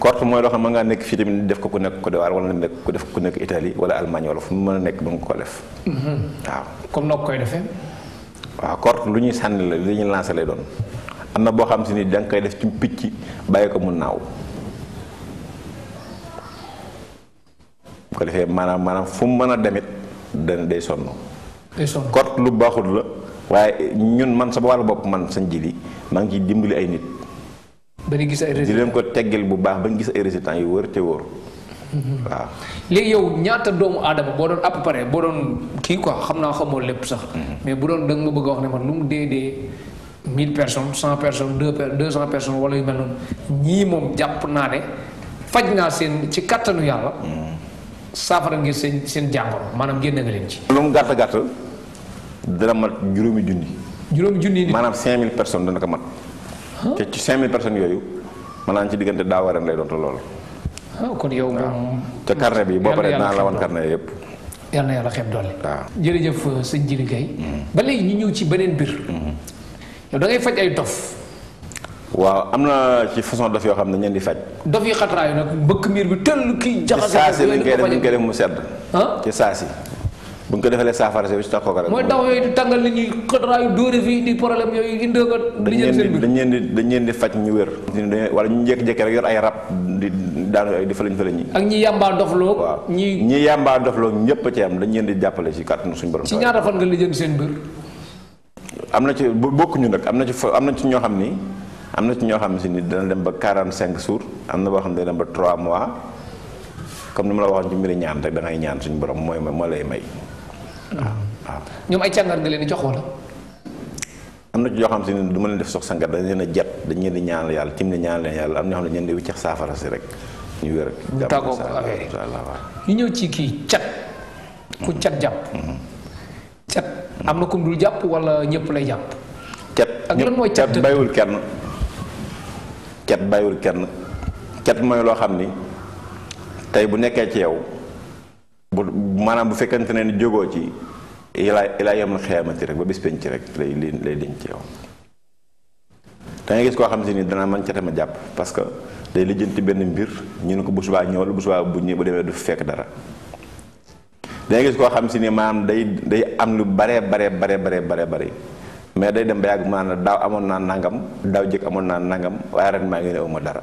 korte mooy loo xam ne ngaa nekk fii tamit def ko ku nekk Côte d'Ivoire wala nekk ku def ku nekk Italie wala Allemagne wala fu mu mën a nekk ba nga ko def. Mhm. waaw. comme noo koy defee. waaw korte lu ñuy sànni la li ñuy lancé lay doon am na boo xam si ni da koy def ci picc bàyyi ko mu naaw. bu ko defee maanaam maanaam fu mu mën a demit dana day sonn. day sonn korte lu baaxul la waaye ñun man sa wàllu bopp man sañ ji li maa ngi ciy dimbali ay nit. ba di gis ay résultats di leen ko teggil bu baax ba ñu gis ay résultats yu wër te wóor. waaw léegi yow ñaata doomu aadama boo doon à peu près boo doon kii quoi xam naa xamoo lépp sax. Mhm. mais bu doon da nga ma bëgg a wax ne man lu mu dee dee. 1000 personnes 100 personnes 200 personnes wala yu mel noonu ñii moom jàpp naa ne faj naa seen ci kattanu yàlla. Mhm. saafara ngeen seen seen jàngoro maanaam génne nga leen ci. lu mu gàtt gàtt dana mat juróomi junni. juróomi junni maanaam 5000 personnes dana ko mat. te ci 5000 personnes yooyu mën naa ci diggante daawa lay doon loolu. ah kon yow. moom te bi boo paree naa la wan carnet yëpp. yal na yàlla xeeb doole. waaw jërëjëf uh, sëñ Djily Gaye mm-hmm. ba léegi ñu ñëw ci beneen biir. Mm-hmm. yow da ngay faj ay dof. waaw am na ci façon dof yoo xam ne ñeen di faj. dof yi xatraayu nag mbëkk miir bi tëll kii. jaxase ci saa si li ngay def mu sedd. ci saa si. buñ ko defalee safara ci tokkoo ko rek moy daw yoy di tàngal nit ñi xëtraayu dóore fi di problème yooyu indi ko kan, dañ leen di dañ leen di faj ñu wër wala ñu jek jek rek yor ay rap di daanu ay di fëlañ fëlañ ñi ak ñi yamba doflo ñi ñi yamba doflo ñëpp ci am dañ leen di jàppale ci kàttanu suñu borom ci ñaara fan nga lijjanti seen bir amna ci bokku ñu nak amna ci amna ci ño xamni amna ci ño xamni ci nit dañ dem ba 45 jours amna na xamni dem ba 3 mois comme nima la waxoon ci mbiri ñaan rek da ngay ñaan suñu borom moy moy lay may ñom ay ciangar nga leen joxol amna ci yoo xam si ne leen def sox sangar dañ leen jet dañ leen di ñaanal yalla tim ne ñaanal leen yalla amna xam na ñeen di wiccax safara ci rek ñu wër ak tàggoo ko ñu ñew ci ki cat ku mm-hmm. cat japp mm-hmm. cat mm-hmm. amna na kum dul japp wala ñepp lay japp cat ak lan moy cat bayul kenn cat bayul kenn cat moy lo xam ni tey bu nekké ci yow bu maanaam bu fekkente ne jógoo ci ilaa ilaa yemul xiyaamati rek ba bis penc rek lay lay liñ ci yow da ngay gis koo xam si ni danaa man ca tam a jàpp parce que day lijjanti benn mbir ñu ne ko bu subaa ñëwal bu subaa bu ñëw bu demee du fekk dara da koo xam si ni maanaam day day am lu baree bare bare bare bare bëri mais day dem ba yàgg maanaam daaw amoon naa nangam daaw jëkk amoon naa nangam waaye rek maa ngi ne ma dara.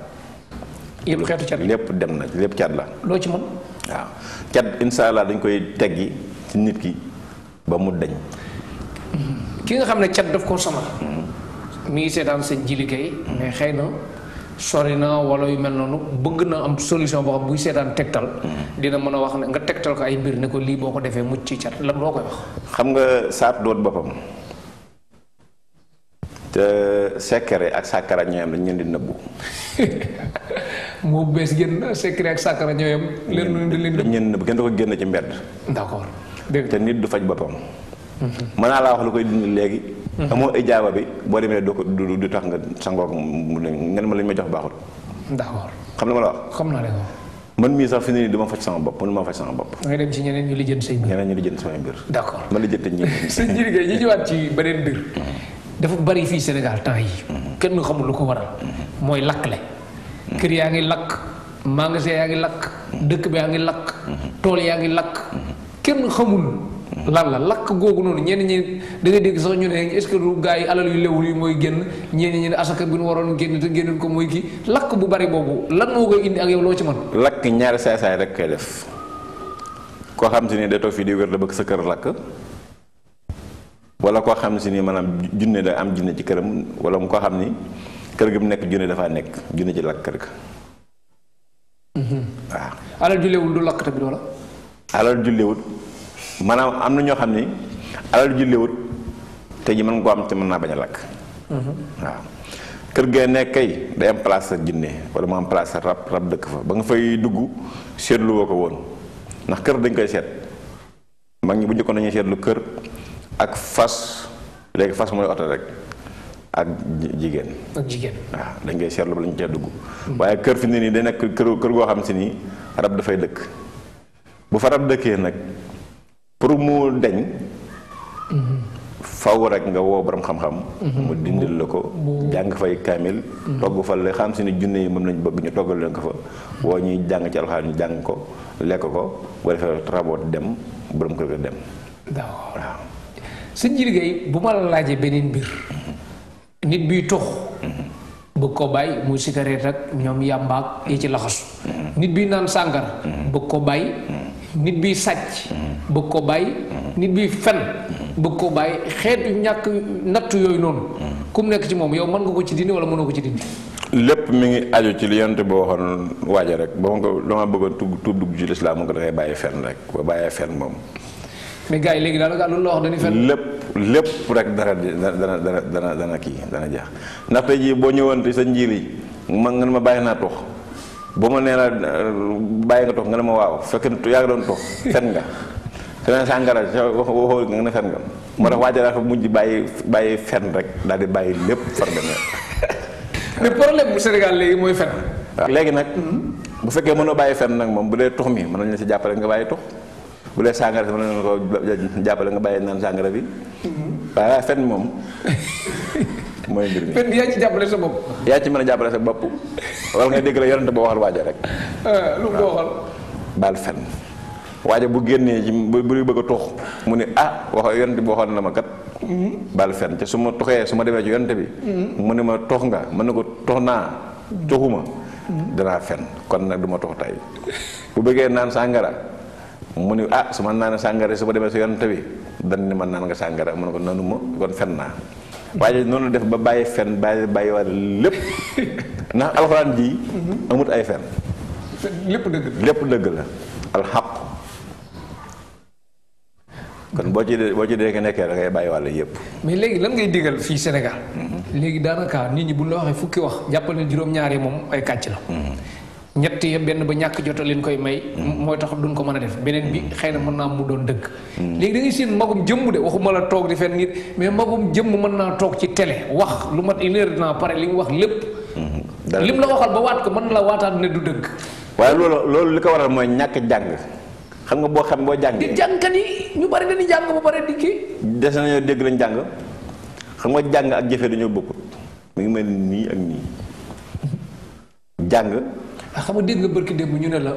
xeetu cat lépp dem na lépp cat la. waaw cat insha allah dañ koy teggi ci nit ki ba mu deñ ki nga xam ne cat daf koo sama mm-hmm. mi ngi seetaan seen ji liggéey mais xëy na sori na wala yu mel noonu bëgg na am solution boo xam buy seetaan tegtal mm-hmm. dina mën a wax ne nga tegtal ko ay mbir ne ko lii boo ko defee mucc ci cat lan loo koy wax xam nga saat doot boppam te eh, sekere ak sakara ñoyam dañ leen di nëbbu [LAUGHS] moo bees gen sekere ak sakara ñoyam leen dañ leen dañ leen neub gën da ko gën ci mbedd d'accord te nit du faj bopam mhm. mën la wax lu koy dindi léegi mhm. amoo ijaaba bi bo demee do ko du du tax nga sangoog ngeen ma lañ ma jox baxul d'accord xam na ma la wax xam na leen man mi sax fini duma nii faj sama bopp mënuma faj sama bop ngay dem ci ñeneen ñu lijjanti sey mbir. ñeneen ñu lijjanti samay mbir. d' accord ma ñi. [LAUGHS] sëñ Ndiir ñi ci wat ci benen bir mhm dafa bari fi senegal temps yi kenn xamul lu ko waral lak le kër ya nga lak magasin ya nga lak dëkk bi yaa ngi lakk tool yaa ngi lakk kenn xamul lan la lak googu non ñen ñi da nga dégg sax ñu ne est ce que du yi alal yu lewul yu moy genn ñen ñi asaka bi te ko moy ki lak bu bari bobu lan mo koy indi ak yow lo ci man lak ñaar saay rek koy def ko xam ne da to fi di wër da bëgg sa kër lak wala ko xam ni manam jinné la am jinné ci kërëm wala mu ko xam ni kër gi mu nek jinné dafa nek jinné ci lak kër ga. Mm-hmm. ala julé wul du lak tamit wala. alal jullewul maanaam am na ño xam ni julé wul te ji man ko am te man na baña lak hmm waaw kër ga nek kay day am place ak wala mo am place rap rap dëkk fa ba nga fay dugg sétlu woo won nak ndax kër dañ koy sét mag ñi bu ko dañuy sétlu kër ak fas léegi fas moy auto rek ak jigen ak jigen wa dañ ngay serlu ba lañ cee dugg. waye keur fi ne nii day nekk keur kër goo xam ci ni rab fay dekk bu fa rab dekké nak pour mu deñ. faaw rek nga wo borom xam-xam. Mhm. mu dindil lako jang fay kamil mhm. togg fa le xam ci ni junne yi moom bëgg ñu togal leen ko fa. wo ñuy jang ci alxaan ñu ko lek ko wala fa dem borom ko dem. si ji bu ma la laajee beneen mbir nit biy tox bëgg koo bàyyi mu cigarette ak ñoom yàmbaak yi ci laxasu nit biy naan sàngara bëgg ko bàyyi nit biy sàcc bëgg ko bàyyi nit biy fen bëgg ko bàyyi xeetu ñàkk natt yooyu noonu ku mu nekk ci moom yow mën nga ko ci dindi wala mënoo ko ci dindi lépp mu ngi aju ci li yonte boo waxoon waaja rek ba ma ko dama bëggoon tugg tuub dugg ci lislaam mu ko dangay bàyyi fen rek ba bàyyee fen moom mais gars yi léegi daal lu la wax dañuy fen lépp lépp rek dana dana dana dana dana kii dana jeex ndax tey jii boo ñëwoon te sa njiir yi man nga ne ma bàyyi naa tox ba ma nee ya la bàyyi nga tox nga ne ma waaw fekk yaa ngi doon tox fen nga te neen sàngara nga ne fen nga moo tax waajal dafa mujj bàyyi bàyyi fen rek daal di bàyyi lépp far [LAUGHS] demee mais problème bu Sénégal léegi mooy fen léegi nag bu fekkee mënoo bàyyi fen nag moom bu dee tox mi mën nañ la si jàppale nga bàyyi tox bule sangar sama si ko jàppale nga bàyyi naan sangar bi mhm. waaye fen mom [LAUGHS] mooy mbir mi fen dia ci jàppale sa bop ya ci mën a jàppale sa bopp wala ngay dégg la yonente ba waxal waaja rek eh, lu mu waxal bal fen waaja bu génnee ci bu bëgg a tux mu ne ah wax yonente bi waxoon na ma kat mhm. bal fen te su ma tuxee su ma demee ci yonente bi mhm. mu ne ma tux nga mën na ko tux naa tuxuma danaa fen kon nag du ma tux tey bu bëggee naan sàngara mu ni ah su ma naan sàngara su ma demee su yonante bi dan ni man naan nga sàngara mu ne ko nanu ma kon fen naa waaye noonu def ba bàyyi fen bàyyi bàyyi wàll lépp [LAUGHS] ndax alxuraan ji ay fen lépp lépp dëgg la alxaq kon boo ci boo ci dee nekkee da ngay bàyyi wàll yëpp mais léegi lan ngay digal fii Sénégal mm-hmm. léegi daanaka nit ñi bu ñu la waxee fukki wax jàppal ne juróom-ñaar moom ay kàcc la mm-hmm. ñett ya benn ba ñàkk jota leen koy may mm. mooy tax duñ ko mën a def beneen bi mm. xëy na mën naa mu doon dëkk mm. léegi da ngay seen magum jëmm de waxuma la toog di fen ngir mais magum jëmm mën naa toog ci télé wax lu mat une dinaa pare li mu wax lépp mm-hmm. lim la waxal ba waat mën la waataat ne du dëkk waaye loolu loolu li ko waral mooy ñàkk jàng xam nga boo xam boo jàng di yi ñu bari dañuy jàng ba pare di kii des lañ jàng xam nga jàng ak jëfe dañoo bokkut mu ngi mel nii ak nii [LAUGHS] jàng xam nga dégg nga barki démb ñu ne la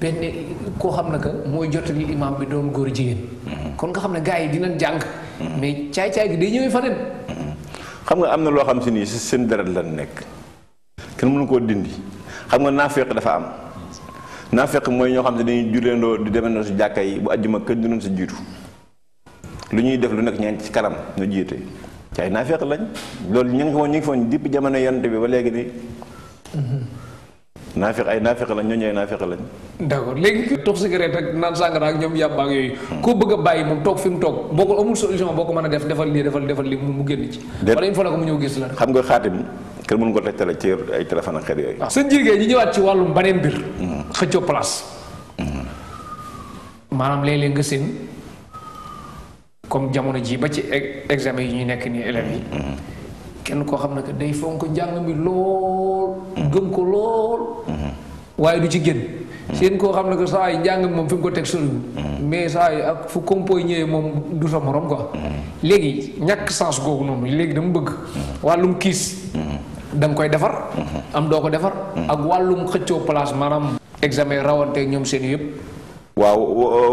benn koo xam na que mooy jottali imaam bi doon góor jigéen. kon nga xam ne gars yi dinañ jàng. mais caay-caay gi day ñëwee faneen. xam nga am na loo xam si nii seen deret lan nekk. kenn mënu koo dindi xam nga naafeq dafa am. naafeq mooy ñoo xam ne dañuy julleendoo di demandoo si jàkka yi bu àjjuma kenn du doon si jiitu. lu ñuy def lu nekk ñeent ci kanam ñu jiite ci ay naafeq lañ loolu ñu ngi ko ñu ngi foon dipp jamono yonent bi ba léegi nii. naafeq ay naafeq lañ ñooñu ay naafeq lañ. d' accord léegi tux cigarette rek naan sàngara ak ñoom yàpp yooyu. koo bëgg a bàyyi moom toog fi mu toog boo ko amul solution boo ko mën a def defal lii defal defal lii mu génn ci. wala il faut nag mu ñëw gis la. xam nga xaatim kenn mënu ko tegtale ci ay téléphone ak xeet yooyu. waaw ah, seen jigéen ñi ñëwaat ci wàllum beneen mbir. Mm-hmm. xëccoo place. Mm-hmm. maanaam léeg leen nga seen comme jamono ji ba ci e-, examen yi ñu nekk nii élèves yi. Mm-hmm. kenn koo xam ne que day fonk njàng mi lool. gëm ko lool. waaye du ci génn. seen koo xam ne que saa yi njàng mi moom fi mu ko teg soriwul. mais saa yi ak fu compo ñëwee moom du sa morom ko léegi ñàkk sens googu noonu léegi dama bëgg. wàllum kiis. da koy defar. am doo ko defar. ak wàllum xëccoo place maanaam. examen rawante ñoom seen yëpp. waaw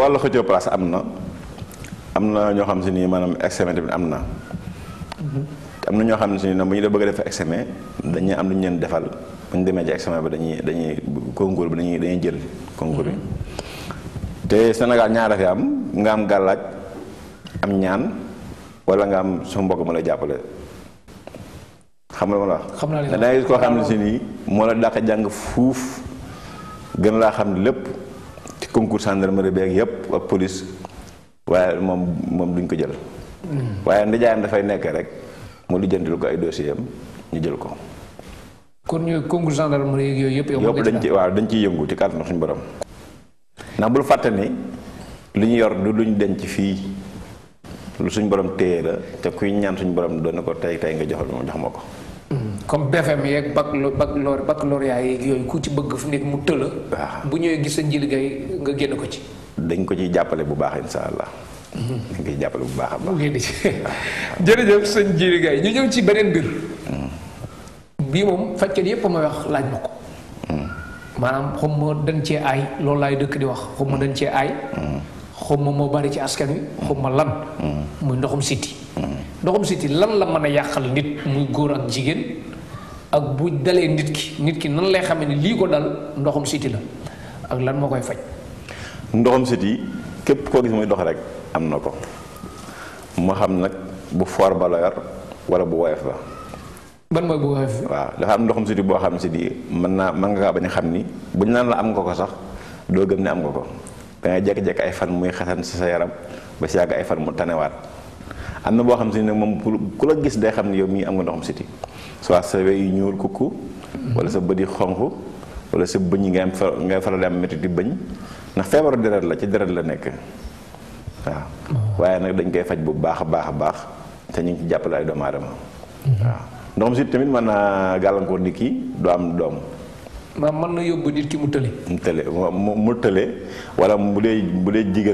wàllu xëccoo place am na am na ñoo xam si ni maanaam examen tamit am na. am na ñoo xam ne si ñoom bu ñu def bëgg a def examen dañuy am lu ñu leen defal bañ demee ci examen bi dañuy dañuy concours bi dañuy dañuy jël concours bi te Sénégal ñaar fi am nga am gàllaaj am ñaan wala nga am su mbokk mu lay jàppale xam nga la xam naa da ngay koo xam ne si nii moo la dàq jàng fuuf gën laa xam lépp ci concours gendarmerie beeg yëpp ak police waaye moom moom duñ ko jël. Hmm. waaye ndijaayam dafay nekk rek. mu lijjantil ko ay dossier am ñu jël ko. kon ñooy concours gendarmerie yooyu yëpp. yëpp dañ ci waaw dañ ciy yëngu ci kàttanu suñu borom. ndax bul fàtte ni li ñu yor du luñ denc fii lu suñ borom téye la te kuy ñaan suñ borom doon na ko tey tey nga jox ma jox ma ko. Hmm. comme BFM yeeg bac bac baccalauréat yeeg yooyu ku ci bëgg fu nekk mu tëla. bu ñëwee gis sa njëlgay nga génn ko ci. dañ ko ciy jàppale bu baax incha allah. dañ koy jàppale bu baax a baax. jërëjëf sëñ Djily Gaye ñu ñëw ci beneen mbir. bii moom fajkat yépp mooy wax laaj ma ko. maanaam xaw ma dañ cee aay loolu laay dëkk di wax xaw ma dañ cee aay. xaw ma moo bari ci askan wi xaw ma lan. muy ndoxum siti. ndoxum siti lan la mën a yàqal nit muy góor ak jigéen ak bu dalee nit ki nit ki nan lay xame ni lii ko dal ndoxum siti la ak lan moo koy faj. ndoxum siti képp koo gis muy dox rek. am na ko ma xam nak bu for ba wala bu wayef ba ban moy bu wayef wa da xam ndoxum siti bo xam si di mën naa mën nga bañ xam ni buñ la am nga ko sax do gëm ni am nga ko da nga jek jek ay fan muy xatan sa yaram ba ci yag ay fan mu tanewaat am na boo xam si ne mom ku la gis day xam ni yow mi am nga ndoxum so soit sa wey ñuul kuku wala sa bëdi xonxu wala sa bëñ nga am ngay faral di am di bëñ na febar deret la ci deret la nek waaw waaye nag dañ koy faj bu baax a baax a baax te ñu ngi ci galang ay dom dom. Mana ndoxum sit tamit mën na gàllankoor nit ki du am doom maam mën na yóbbu nit ki mu tële mu tële mu tële wala bu dee bu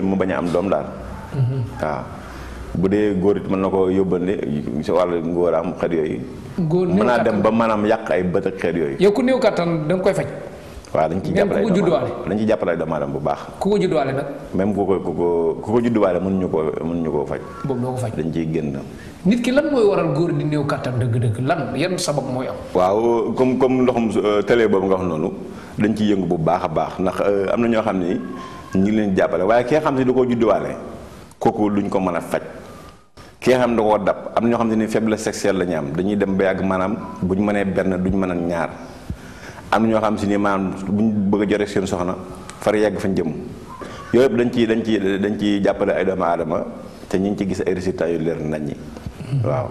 mu bañ am doom daal mhm. waaw bu dee dem ba maanaam yàq ay bët ak xet yow ku koy waaw dañ ci jàppale ku ko judduwaale dañ ci jàppale do aadama bu baax ku ko judduwaale nag même ku ko ku ko ku ko judduwaale mën ñu ko mën ñu koo faj boobu doo ko faj dañ ciy génn nit ki lan mooy waral góor di néew kàttan dëgg-dëgg lan yan sabab mooy am waaw comme comme ndoxum eh, télé boobu nga wax noonu dañ ci yëngu bu baax a baax ndax eh, am na ñoo xam ni ñu leen jàppale waaye kee xam si da koo judduwaale kooku luñ ko mën a faj ki xam da koo dab am na ñoo xam ne faiblesse sexuelle la ñu am dañuy dem ba yàgg maanaam buñ mënee benn duñ mën a ñaar am na ñoo xam si ni maanaam bu ñu bëgg a jore seen soxna far yegg fañ jëm yooyu yëpp dañ ciy dañ ci dañ ciy jàppale ay doomu aadama te ñu ngi ci gis ay résultats yu leer nañ ñi hmm. waaw.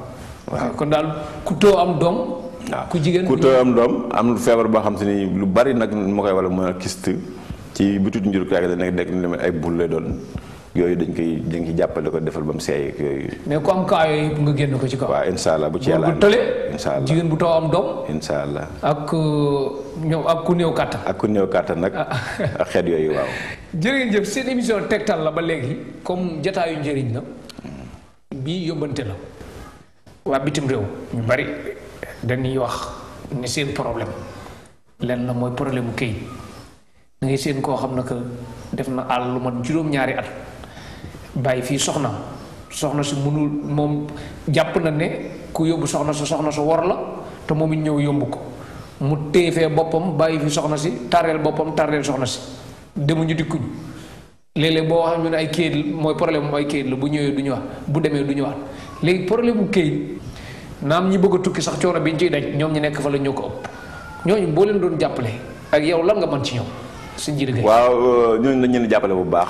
waaw kon daal ku too am doom. waaw ku jigéen ku too am doom am feebar boo xam si ni lu bari nag moo koy wala mooy kist ci bitut njurukaay la nekk nekk ay bul lay doon. yoyu dañ koy dañ ci jàppale ko defal bam sey ak yoyu mais ko am kaa nga genn ko ci ko wa inshallah allah bu ci yalla bu tële. inshallah allah bu taw am dom inshallah ak euh, ñoom ak ku new kata ak ku new kata nak ak xet yoyu waaw. jeerign ngeen seen émission tektal la ba léegi comme yu jeerign na bi yobante la wa bitim rew ñu bari dañuy wax ni seen problème len la moy problème mu ngay seen ko xamna ne def na àll lu mat ñaari at bay fi soxna soxna si munul mom japp na ne ku yobbu soxna so soxna so wor la te momi ñew ñëw yomb ko mu téefee bopam bay fi soxna ci tarel bopam tarel soxna si demuñu dikkuñ léeg-léeg bo wax ñu ay kayit moy problème moy ay lu bu ñewé duñu wax bu démé duñu wax légui problème bu kayit nam ñi bëgg tukki sax coono biñ ci daj ñom ñi nekk fa la ñoo op ëpp ñooñu boo leen doon jappalé ak yow lan nga man ci ñoom. si njëriñ waaw ñooñu ñu leen bu baax.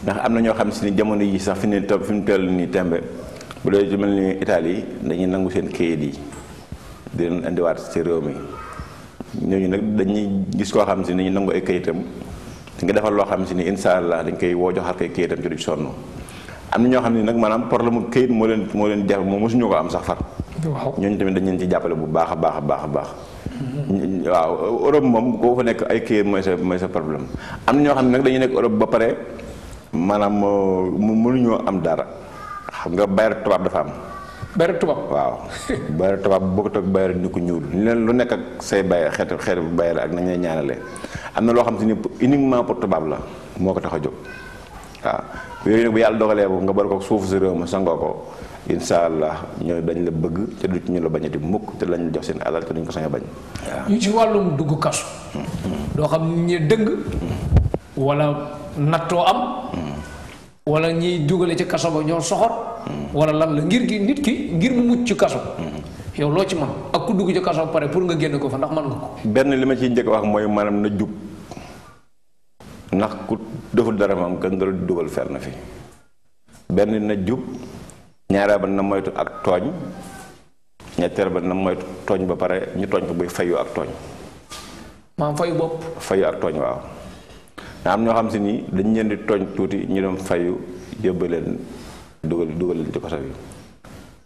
ndax am na ñoo xam si ni jamono yi sax fi ñu topp fi ñu toll nii tembe bu dee mel ni Italie dañuy nangu seen kayit yi di leen indiwaat si réew mi ñooñu nag dañuy gis koo xam ni ñu nangu ay kayitam di nga defal loo xam ni incha allah dañ koy woo joxaat koy kayitam ci du sonn am na ñoo xam ne nag maanaam problème mu kayit moo leen moo leen jafe moom mosuñu am sax far. waaw ñooñu tamit dañ ci jàppale bu baax a baax a baax a baax. waaw Europe moom boo fa nekk ay kayit mooy sa mooy sa problème am na ñoo xam ne nag dañu nekk Europe ba pare. manam mu mënuñoo am dara xam nga bayr tubab dafa am. bayr tubab waaw [LAUGHS] bayr tubab bu ko tok bayr ni ko ñuul leen lu nekk ak say bayre xet xeetu bayr ak nañ lay ñaanalee amna lo xam ci ni uniquement pour tubab la moko ko tax a jóg waaw yooyu nag bu yalla dogalee bu nga bar ko suuf ci réew ma sangoo ko incha allah dañ la bëgg te du ci ñu la bañati mukk te lañ jox seen alal te duñ ko sañ bañ. ñu ci walum dugg kasso hmm. hmm. do xam ni deug wala nattoo am wala ñiy dugale ci kaso ba ñoo soxor wala lan la ngir gi nit ki ngir mu mucc kaso yow loo ci man ak ku dugg ci kaso pare pour nga génn ko fa ndax man ko benn li ma ciy njëkk wax mooy maanaam na jub ndax ku deful dara maam kan nga la dugal fer na fi benn na jub ñaareel ba na moytu ak tooñ ñetteel ba na moytu tooñ ba pare ñu tooñ ko buy fayu ak tooñ maam fayu bopp fayu ak tooñ waaw am ñoo xam si ni dañ leen di tooñ tuuti ñu dem fayu yóbbaleen dugal dugaleen ci kaso bi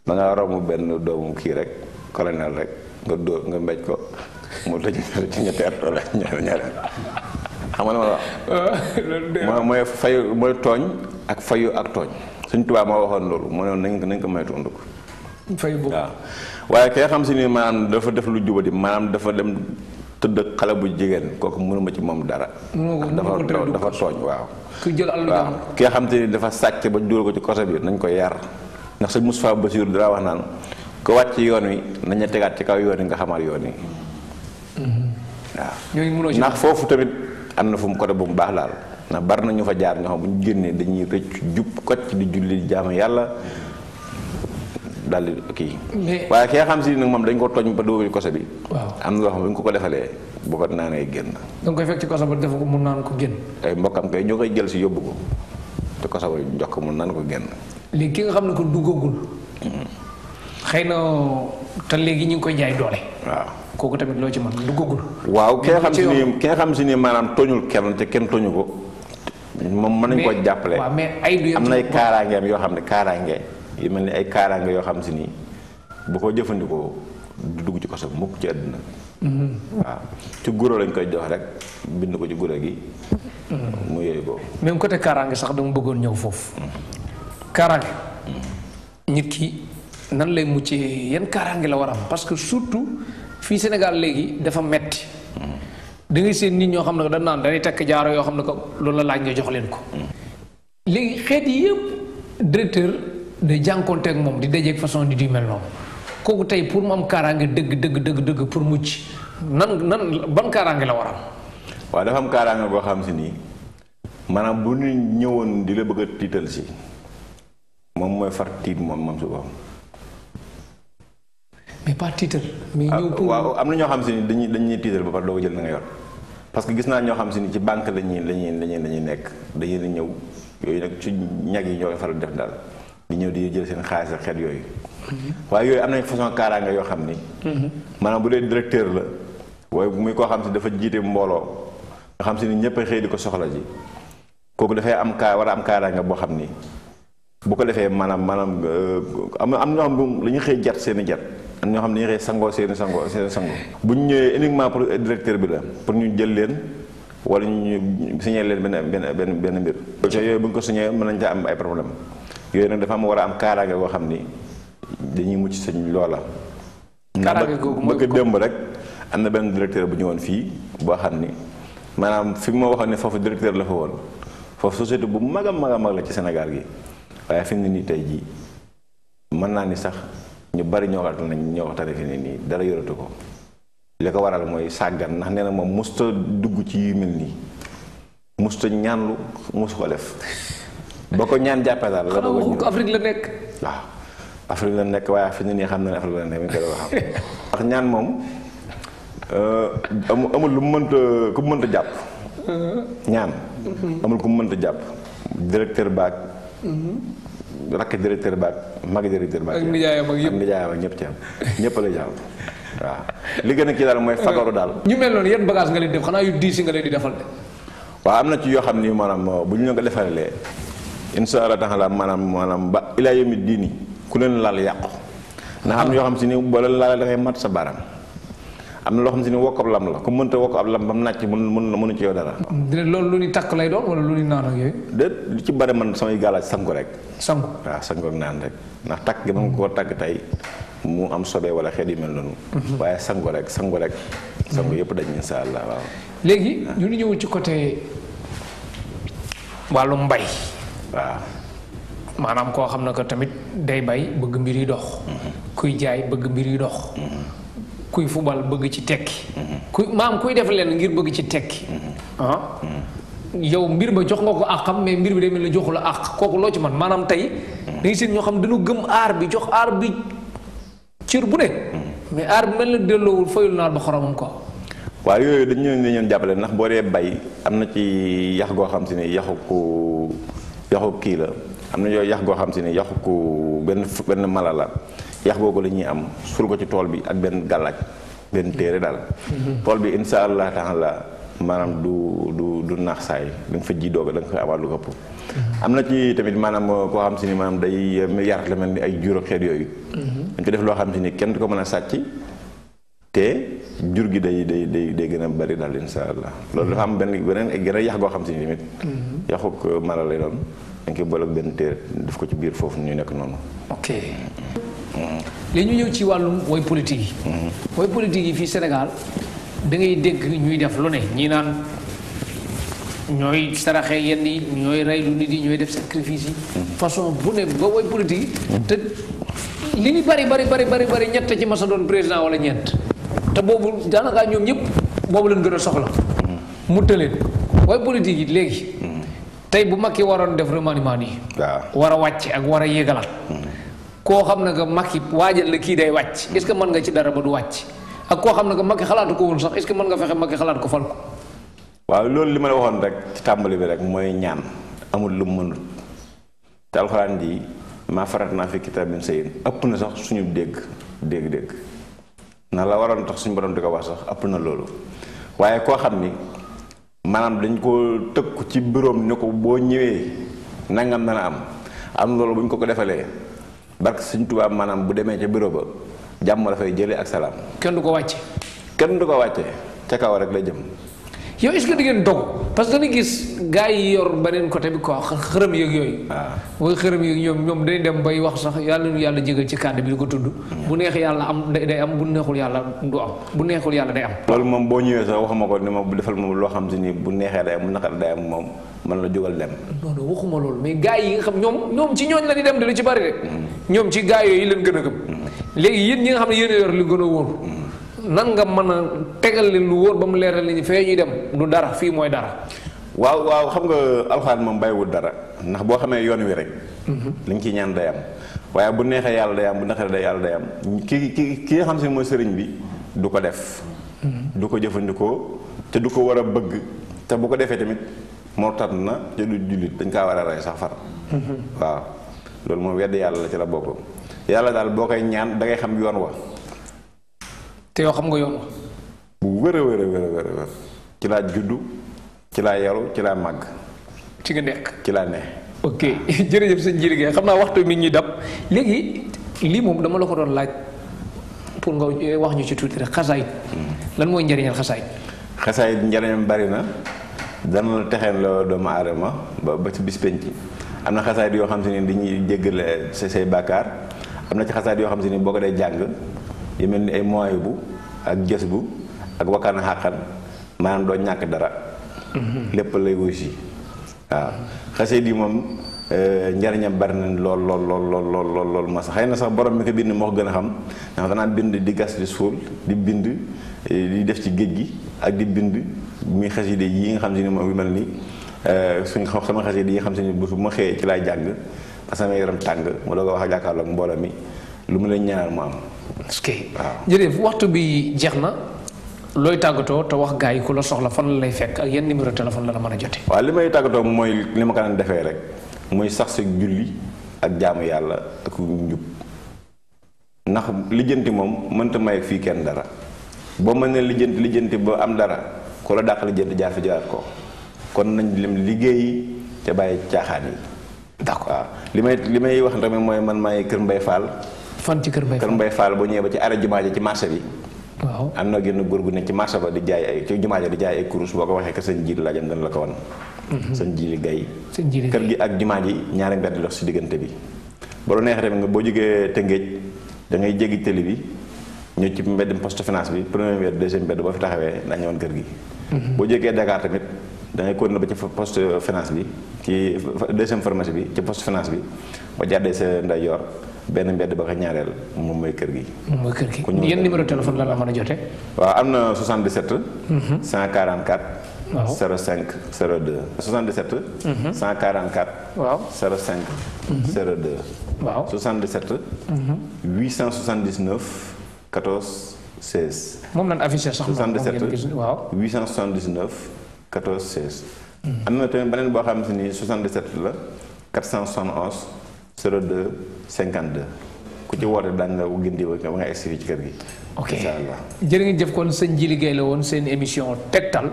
da nga romb benn doomu kii rek colonel rek nga dóor nga mbéj ko moo tëj [LAUGHS] ci ñetti at wala ñaar ñaar ma wax [LAUGHS] mooy fayu tooñ ak fayu ak tooñ suñ tubaab moo waxoon loolu moo ne nañ ko nañ ko moytuwundu ko waaw waaye kay xam si ni maanaam dafa def lu di maanaam dafa dem tëdd xale bu jigéen kooku mënuma ci moom dara. dafa dafa tooñ waaw. ku jël àll waaw ki nga xam te ni dafa sàcc ba dugal ko ci kosa bi nañ ko yar. ndax sëñ Moustapha Bassirou dara wax naan ko ci yoon wi nañu tegaat ci kaw yoon yi nga xamal yoon yi. Mm-hmm. waaw ndax foofu tamit am na fu mu côté bu mu baax laal. ndax bari na ñu fa jaar ñoo xam bu ñu génnee dañuy rëcc jub kocc di julli jaamu yàlla. dal ki waye ki xam si nak mom dañ ko togn ba ko sa bi am lo xam bu ko ko defale bu ko nané genn donc koy fekk ci kosa ba def ko mu nan ko genn ay mbokam kay ñokay jël ci yobbu ko te kosa ba jox ko mu nan ko genn li ki nga xam ne ko dugagul mm-hmm. xeyna ta legi ñi koy jaay doole waaw koku tamit lo ci man dugagul waaw ki xam si ni ki xam si ni manam toñul kenn te kenn toñu ko mom man nañ ko jappalé amna ay karangeem yo xamne karangeem yu mel ni ay kaaraange yoo xam si nii bu ko jëfandikoo du dugg ci koso mukk ci àdduna mm-hmm. waaw ci guro lañ koy jox rek bind ko ci guro gi mm-hmm. mu yooyu ko même côté kaaraange sax dama bëggoon ñëw foofu kaaraange mm-hmm. nit ki nan lay muccee yan kaaraange la war a am parce que surtout fii Sénégal léegi dafa metti da ngay seen nit ñoo xam ne dañ naan dañuy tekk jaaro yoo xam ne ko loolu la laaj nga jox leen ko léegi xeet yëpp directeur di ak mom di dajé ak façon di di mel noonu kooku tay pour mu am kaaraange deug deug deug dëgg pour mucc nan nan ban karangé la war wa dafa am karangé goo xam ci ni manam bu ñu ñëwoon di la bëgg a ci mom moy far tit mom mom su boppam. mais pas tiital. mais ah, ñëw pour wa am na ñoo xam ci ni dañuy dañuy tiital ba pare do ko jël na nga yor parce que gis na ñoo xam ci ni ci banque lañuy lañuy lañuy nekk dañuy ñëw yoy nak ci ñag yi ñoo faral def dal di ñëw di jël seen xaalis ak xet yooyu. waaye yooyu am nañ façon kaaraanga yoo xam ni. maanaam bu dee directeur la. waaye muy koo xam si dafa jiite mbooloo. nga xam si ni ñëpp a xëy di ko soxla ji. kooku dafay am kaa war am kaaraanga boo xam ni. bu ko defee maanaam maanaam euh, am am ñoo xam ne dañuy xëy jat seeni jat. am ñoo xam ne dañuy xëy sangoo seen sangoo seen i sangoo. bu ñu ñëwee uniquement pour directeur bi la pour ñu jël leen. wala ñu signé leen benn benn benn benn mbir. yooyu bu ñu ko signé mën nañ caa am ay problème yooyu nag dafa am war a am kaaraange goo xam ni dañuy mucc sañ loola. kaaraange ko mooy bëgg démb rek am na benn directeur bu ñëwoon fii boo xam ni maanaam fi ma waxoon ne foofu directeur la fa woon foofu société bu mag a mag a mag la ci Sénégal gi waaye fi mu nii tey jii mën naa ni sax ñu bari ñoo waxtaan nañ ñoo waxtaanee fi nii dara yoratu ko li ko waral mooy sàggan ndax nee moom musta dugg ci yu mel nii musta ñaanlu musu ko def. boo ko ñaan jàppee daal la doog a Afrique la nekk. waaw Afrique la nekk waaye fi ñu nii xam na ne Afrique la nekk mi ngi koy xam. ñaan moom euh, amul amul lu mu mënta ku mu mënta jàpp. Uh-huh. ñaan. Uh-huh. amul ku mu jàpp. directeur baag. Uh-huh. rakk directeur baag mag directeur baag. ak nijaayam ak yëpp ak nijaayam ñëpp ci am ñëpp la jàpp. li gën a kii daal mooy daal. ñu mel noonu yan nga leen def xanaa yu diis yi nga di defal de. am na ci yoo xam ni maanaam uh, bu ñu la ko defalee. insara allah taala manam manam ba ila yawmi dini ku len lal yaq na am yo xam si ni boo leen laale da ngay mat sa baram am lo xam si ni wokk lam la ku munta wokk ab lam bam nacc mun mun mun ci yow dara loolu lu ni tak lay doon wala lu ni nan ak yoy de li ci bare man samay gala sangu rek sangu wa sangu ak nan rek na tak gi man ko takk tay mu am sobe wala xeet yu mel non mhm. waye sangu rek sangu rek sangu yep dañ insha allah waaw léegi ah. ñu ñëw ci côté walum bay waaw maanaam koo xam na ko tamit day bay bëgg mbir yi dox. kuy jaay bëgg mbir yu dox. kuy fubal bëgg ci tekki. kuy maam kuy def leen ngir bëgg ci tekki. Ah? yow mbir ba jox nga ko àqam mais mbir bi day mel ni joxu la àq kooku loo ci man maanaam tey. dañu seen ñoo xam dañu gëm aar bi jox aar bi cër bu ne. mais aar bi mel na delloowul fayul naar ba xoromam ko. waaw yooyu dañ ñëw ne jàppale ndax boo dee bay am na ci yax goo xam si ne yaxu ko yaxu kii la am na yooyu yax goo xam si ne yaxu ku benn benn mala la yax googu lañuy am sul ko ci tool bi ak benn gàllaaj benn téere daal mhm. tool bi insha allah taala maanaam du du du naax saay da nga fa ji dooga da nga fa amaat lu ëpp mhm. am na ci tamit maanaam koo xam si ni maanaam day yar la mel ni ay jur ak xeet yooyu mhm. dañ ko def loo xam si ni kenn du ko mën a sàcc te jur gi day day day day gën a bari daal insha allah loolu dafa am benn beneen gën a yax goo xam si ni tamit mhm. yaxuk mala lay doon dañ koy boole benn téere def ko ci biir foofu ñu nekk noonu ok mhm. léegi ñu ñëw ci wàllum woy politique yi mhm. woy politique yi fii Sénégal da ngay dégg ñuy def lu ne ñi naan ñooy saraxee yenn yi ñooy rey lu nit yi ñooy def sacrifice yi façon bu ne ba woy politique yi te li ñu bari bari bari bari bari ñett ci sa doon président wala ñeent te boobu daanaka ñoom ñep bobu lañu gëna soxla mu teleen way politique yi léegi tey bu makki waron def remaniement nii wara wacc ak wara a ko xamna nga makki waajal la ki day wacc mm. est ce man nga ci dara ba du wacc ak ko xamna nga makki xalaatu ko woon sax est ce man nga fexé makki xalaat ko fal ko waaw loolu li ma la waxon rek ci tambali bi rek moy ñaan amul lu mu mënut te alxuraan ji maa farat fi kitabin sayyid ëpp na sax suñu dégg dégg-dégg na la waroon tax suñu borom di ko wax sax ëpp na loolu waaye koo xam ni maanaam dañ ko tëkku ci buróom ne ko boo ñëwee nangam dana am am loolu bu ñu ko ko defalee barke suñ tubaab maanaam bu demee ca bureau ba jàmm dafay jëlee ak salaam. kenn du ko wàcce. kenn du ko wàcce ca kaw rek la jëm. yow est-ce que dog parce que gis gars yi yor beneen côté bi quoi xërëm yeeg yooyu. waaw ah. mooy xërëm yeeg ñoom ñoom day dem bay wax sax yàlla nu yàlla jégal ci kàddu bi ko tudd. Hmm. bu neex yàlla am day am bu neexul yàlla du am bu yàlla day am. loolu moom boo ñëwee sax waxuma ko ni ma defal moom loo xam si ni bu neexee day am bu naqar day am moom mën la yi nga xam ñoom ñoom ci ñooñ la dem di lu ci bari rek. Hmm. ñoom ci gars yooyu leen gën a gëm. Hmm. léegi yéen ñi nga xam ne yéen a yor li gën a wóor nan nga man tegal leen lu wor bam mu ni fee ñuy dem du dara fi moy dara waaw waaw xam nga alxaan moom bàyyiwul dara ndax bo xamé yoon wi rek mhm. liñ ci ñaan day am waya bu nexé yalla day am bu nexé day yalla day am ki ki xam ci moy sëriñ bi du ko def mhm. du ko jëfëndiko te du ko wara bëgg te bu ko defee tamit tat na te du julit dañ ka wara ray sax far mhm. waaw lool mo wedd yalla la ci la bokk yalla dal bokay ñaan da ngay xam yoon wa te yow xam nga yoon wa. bu wér a wér ci laa juddu ci laa yaru ci laa màgg. ci nga nekk ci laa ne. ok [LAUGHS] jërëjëf sëñ Ndiéli xam naa waxtu mi ñuy dab léegi lii moom dama la ko doon laaj pour nga wax ñu ci tuuti rek mm. lan mooy njëriñal xasaayit. xasaayit njëriñam bari na dana la texeen la doomu aadama ba ba ci bis penc am na xasaayit yoo xam si ne dañuy jéggale say say bàkkaar am na ci xasaayit yoo xam si ne boo ko dee jàng. yu mel ni ay moyen bu ak gës bu ak wakkaan xàqan maanaam doo ñàkk dara mhm. lépp lay wusi waaw xasida yi moom euh, njariñam bari na lool lool lool lool lool lool lool ma sax xëy na sax borom mi ko bind moo ko gën a xam ndax danaa bind di gas di suul di bind eh, di def ci géej gi ak di bind muy xasida yi nga xam si ne moom yu mel ni euh, suñ sama xasida yi nga xam si ne bu ma xëyee ci laay jàng parce que sama yaram tàng mu doog a wax ak jàkkaarloog mbooloo mi lu mu leen ñaanal mu am parce que waxtu bi jeexna loy tagoto tàggatoo wax gaay ku la soxla fan lay fekk ak yeen numéro téléphone la la mën a wa limay tagoto moy lima kan defé rek moy sax si julli ak jaamu yalla ak ñub nax lijeenti mom mënta may fi kenn dara bo mën lijeenti lijeenti bo am dara ko la dàq lijjanti jaar fi jaraat ko kon nañ lim liggéey te baye caaxaan d'accord limay limay may wax tamit moy man may keur mbay Fall fan ci Kër mbay Fall Kër Mbaye Fall bu ñëw ci ara jumaaji ci marché bi. waaw am na gën góor gu ne ci marché ba di jaay ay ci jumaaji di jaay ay kurus boko waxe ke señ sëñ jiir laajam dañ la ko won mhm. señ jiir gay. señ jiir kër gi ak jumaaji ji ñaari mbedd dox ci digënté bi. ba lu neex rek nga bo boo te Tëngéej da ngay jéggi télé bi ñu ci mbéd poste finance bi premier mbéd deuxième mbéd ba fi taxawee daa ñëwoon kër gi. Mhm. bo jógee Dakar tamit da ngay continuer ba ci poste finance bi ci deuxième pharmacie bi ci poste finance bi ba jàddee sa ndeyjoor benn mbedd ba ka ñaarel moom moy kër gi. moom mooy kër gi yeen numéro téléphone la la mëna joté wa amna 77. 144. waaw 02 77. 144. 05. 02. waaw 77. 879 14 16. lan affiché sax 77 879 14 16. 77 la 471. 02 52 ku ci gindi nga ci kër gi ok jërë ngeen jëf kon sen Jili Gueye la won seen émission tektal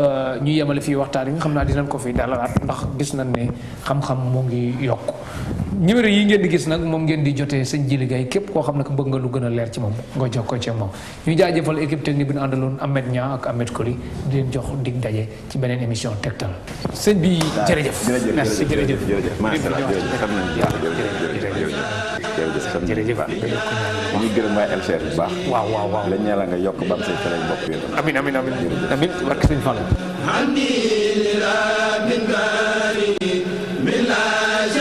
Eh, ñu yemale fi waxtaan yi nga xamna dinañ ko fi dalalat ndax gis nañ ne xam-xam mo ngi yok numéro yi ngeen di gis nak moom ngeen di joté sëñ jili gay képp ko xamna ko bëgg nga lu gëna a leer ci moom nga jox ko ci moom ñu jaajeufal équipe technique bi ñu àndaloon Ahmed nya ak Ahmed Koli di leen jox dig dajé ci benen émission tektal sëñ bi jërëjëf merci jërëjëf jërëjëf maa jërëjëf xam nañ jërëjëf jërëjëf jërëjëf xam jërëjëf ñu gërëm waa LCR bu baax waaw waaw waaw la ñeela nga yokk bam say fere bopp yi amin amin amin amin barke sëñ Fallou hamdi rabbil bari min la